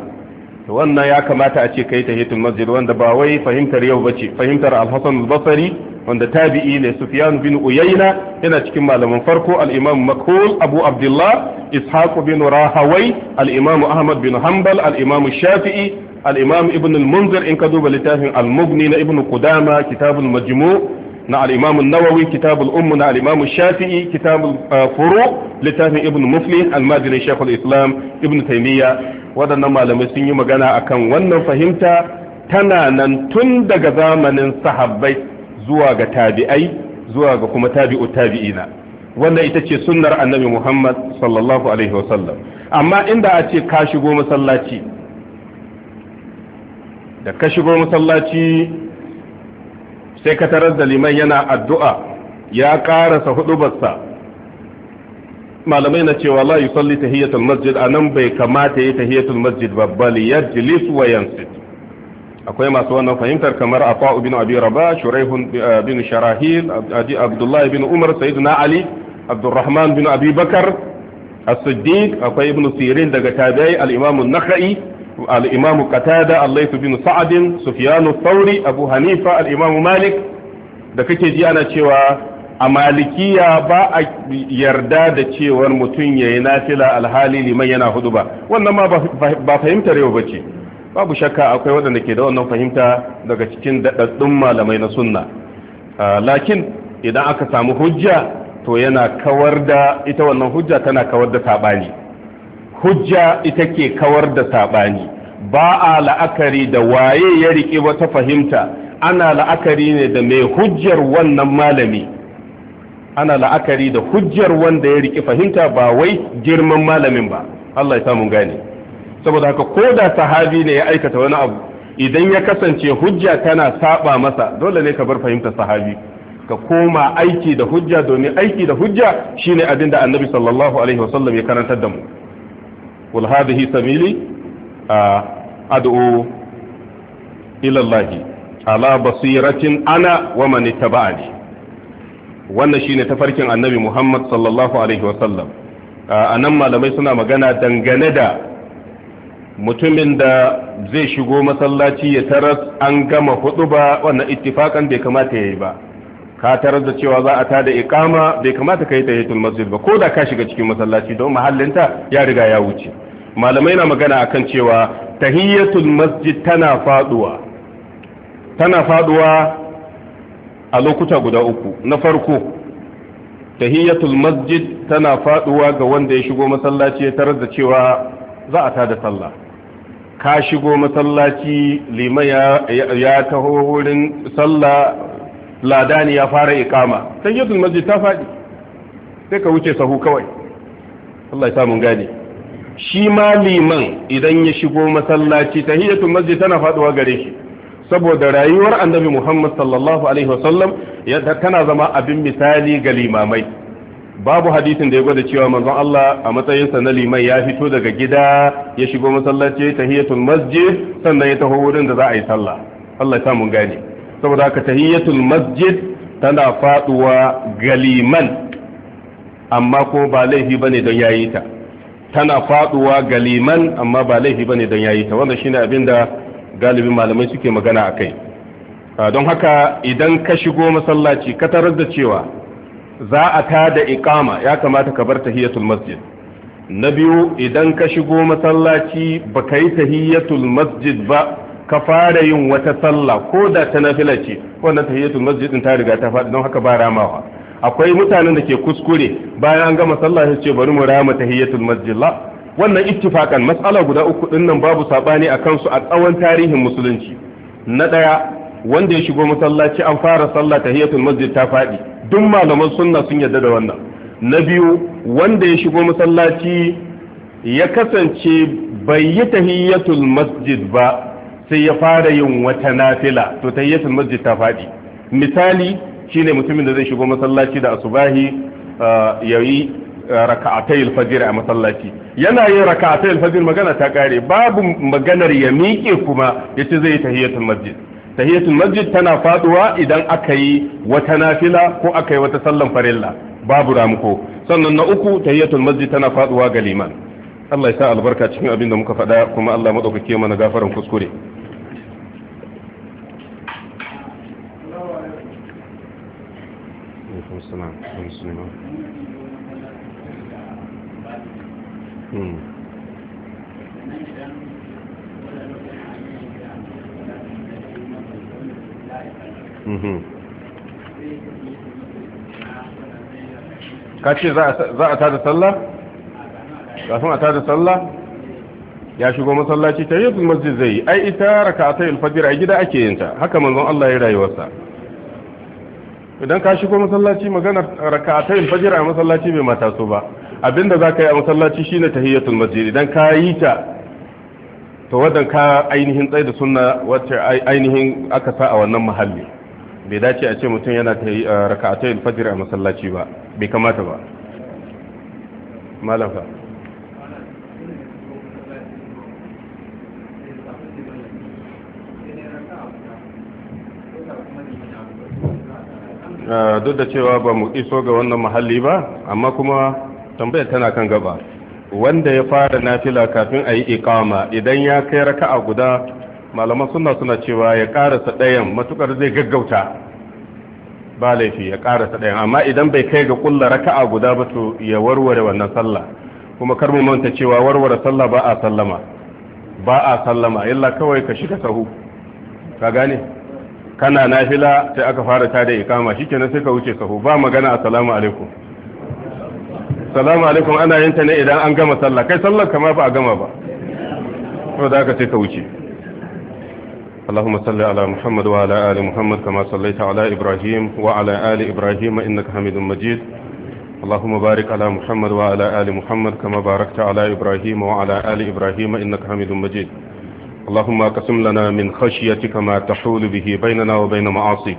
wannan ya kamata a ce kai tahiyatul masjid wanda ba wai fahimtar yau bace fahimtar al-Hasan al-Basri wanda tabi'i ne Sufyan bin Uyayna yana cikin malaman farko al-Imam Makhul Abu Abdullah Ishaq bin Rahawai al-Imam Ahmad bin Hanbal al-Imam Shafi'i al-Imam Ibn al-Munzir in ka duba littafin al-Mughni na Ibn Qudama Kitabul Majmu' na al nawawi kitabul ummu na al shafi'i kitabul uh, furu littafin Ibn Mufli, almajirin madini Islam Ibn Taimiyya. waɗannan malamai sun yi magana akan wannan fahimta tana nan tun daga zamanin sahabbai zuwa ga tabi'ai zuwa ga kuma tabi'u tabi'ina wanda ita ce sunnar annabi Muhammad sallallahu alaihi wasallam amma inda a ce ka shigo masallaci da ka shigo masallaci sai ka tarar da liman yana addu'a ya ƙarasa hudubarsa malamai na cewa la ta tahiyatul masjid anan bai kamata yi tahiyatul masjid ba bal yajlis wa yansit akwai masu wannan fahimtar kamar Afa bin Abi Rabah Shuraih eh, bin Sharahil Abdullahi, bin Umar Sayyidina Ali Abdurrahman bin Abi Bakar As-Siddiq akwai Ibn Sirin daga tabi'i al-Imam an-Nakhai Al'imamu Katada, qatada al-layth bin sa'd sufyan thawri abu hanifa al malik da kake ji ana cewa a malikiya ba a yarda da cewar mutum yayi nafila alhali liman yana hudu ba wannan ma ba fahimtar yau ce babu shakka akwai waɗanda ke da wannan fahimta daga cikin daɗaɗɗun malamai na sunna lakin idan aka samu hujja to yana kawar da ita wannan hujja tana kawar da saɓani hujja ita ke kawar da saɓani ba a la'akari da waye ya riƙe wata fahimta ana la'akari ne da mai hujjar wannan malami ana la'akari da hujjar wanda ya riƙe fahimta ba wai girman malamin ba Allah ya samu gane saboda haka ko da sahabi ne ya aikata wani abu idan ya kasance hujja tana saba masa dole ne ka bar fahimta sahabi ka koma aiki da hujja domin aiki da hujja shine abin da annabi sallallahu alaihi wasallam ya karantar da mu qul hadhihi sabili ad'u ila Allah ala basiratin ana wa man ittaba'ani wannan shine tafarkin annabi Muhammad sallallahu alaihi wasallam a nan malamai suna magana dangane da mutumin da zai shigo masallaci ya taras an gama hudu ba wannan ittifakan bai kamata yayi ba ka tarar da cewa za a da iqama bai kamata kai tahiyatul masjid ba ko da ka shiga cikin masallaci don mahallinta ya riga ya wuce malamai na magana akan cewa tahiyyatul masjid tana faduwa tana faduwa a lokuta guda uku na farko tahiyyatul masjid tana faduwa ga wanda ya shigo masallaci ya tarar da cewa za a tada sallah ka shigo masallaci liman ya taho wurin sallah ladani ya fara ikama tahiyyatul masjid ta fadi sai ka wuce sahu kawai Allah ya samu gane shi ma liman idan ya shigo masallaci tahiyatul masjid tana faduwa gare shi saboda rayuwar annabi Muhammad sallallahu alaihi wasallam tana zama abin misali ga limamai babu hadisin da ya gwada cewa manzon Allah a matsayinsa na liman ya fito daga gida ya shigo masallaci tahiyatul masjid sannan ya taho wurin da za a yi sallah Allah ya mun gane saboda haka tahiyatul masjid tana faduwa ga liman amma ko ba laifi bane don yayi ta tana faduwa ga liman amma ba laifi ba ne dan yayi ta wanda shine abin da galibin malamai suke magana akai don haka idan ka shigo masallaci ka tarar da cewa za a tada iqama ya kamata ka bar tahiyatul masjid na biyu idan ka shigo masallaci ba ka yi tahiyyatul masjid ba ka fara yin wata sallah ko da ta nafila ce wannan tahiyatul masjid din ta riga ta faɗi don haka ba ramawa akwai mutanen da ke kuskure bayan an gama sallah ya ce bari mu rama tahiyatul masjid la wannan ittifakan mas'ala guda uku din nan babu sabani a kansu a tsawon tarihin musulunci na daya wanda ya shigo masallaci an fara sallah tahiyatul masjid ta fadi duk malaman sunna sun yarda da wannan na biyu wanda ya shigo masallaci ya kasance bai yi tahiyatul masjid ba sai ya fara yin wata nafila to tahiyatul masjid ta fadi misali Shi ne mutumin da zai shigo masallaci da asubahi ya uh, yayi uh, raka'atai alfajir a masallaci yana yin raka'atai alfajir magana ta kare babu maganar ya miƙe kuma yace zai yi tahiyatul masjid tahiyatul masjid tana faduwa idan aka yi wata nafila ko aka yi wata sallan farilla babu ramuko sannan na uku tahiyatul masjid tana faduwa ga liman Allah ya sa albarka cikin abin da muka faɗa kuma Allah madaukake mana gafaran kuskure ka ce za a tada sallah? kafin a tada sallah? ya shigo masallaci ta yi masjid zai yi ai ita raka ta ilfajir a gida ake yinta haka manzon Allah ya rayuwarsa idan ka shigo masallaci magana raka ta ilfajir a masallaci bai mataso ba abinda za ka yi a masallaci shi ne tahiyyatul masjid idan ka yi ta to wadan ka ainihin tsaye da sunna wacce ainihin aka sa a wannan mahalli bai dace a ce mutum yana ta yi eh, raka'atai fajr a masallaci ba bai kamata ba malam fa eh, duk da cewa ba mu iso ga wannan mahalli ba amma kuma tambayar tana kan gaba wanda ya fara nafila kafin a yi ikama idan ya kai raka'a guda malaman suna suna cewa ya karasa ɗayan matukar zai gaggauta ba laifi ya karasa ɗayan amma idan bai kai ga kulla raka'a guda ba to ya warware wannan sallah kuma kar manta cewa warware sallah ba a sallama ba a sallama illa kawai ka shiga sahu ka gane kana nafila sai aka fara da ikama shikenan sai ka wuce sahu ba magana assalamu alaikum salamu alaikum ana yin ta ne idan an gama sallah kai sallar kama ba a gama ba to da aka ce ka wuce اللهم صل على محمد وعلى آل محمد كما صليت على إبراهيم وعلى آل إبراهيم إنك حميد مجيد اللهم بارك على محمد وعلى آل محمد كما باركت على إبراهيم وعلى آل إبراهيم إنك حميد مجيد اللهم اقسم لنا من خشيتك ما تحول به بيننا وبين معاصيك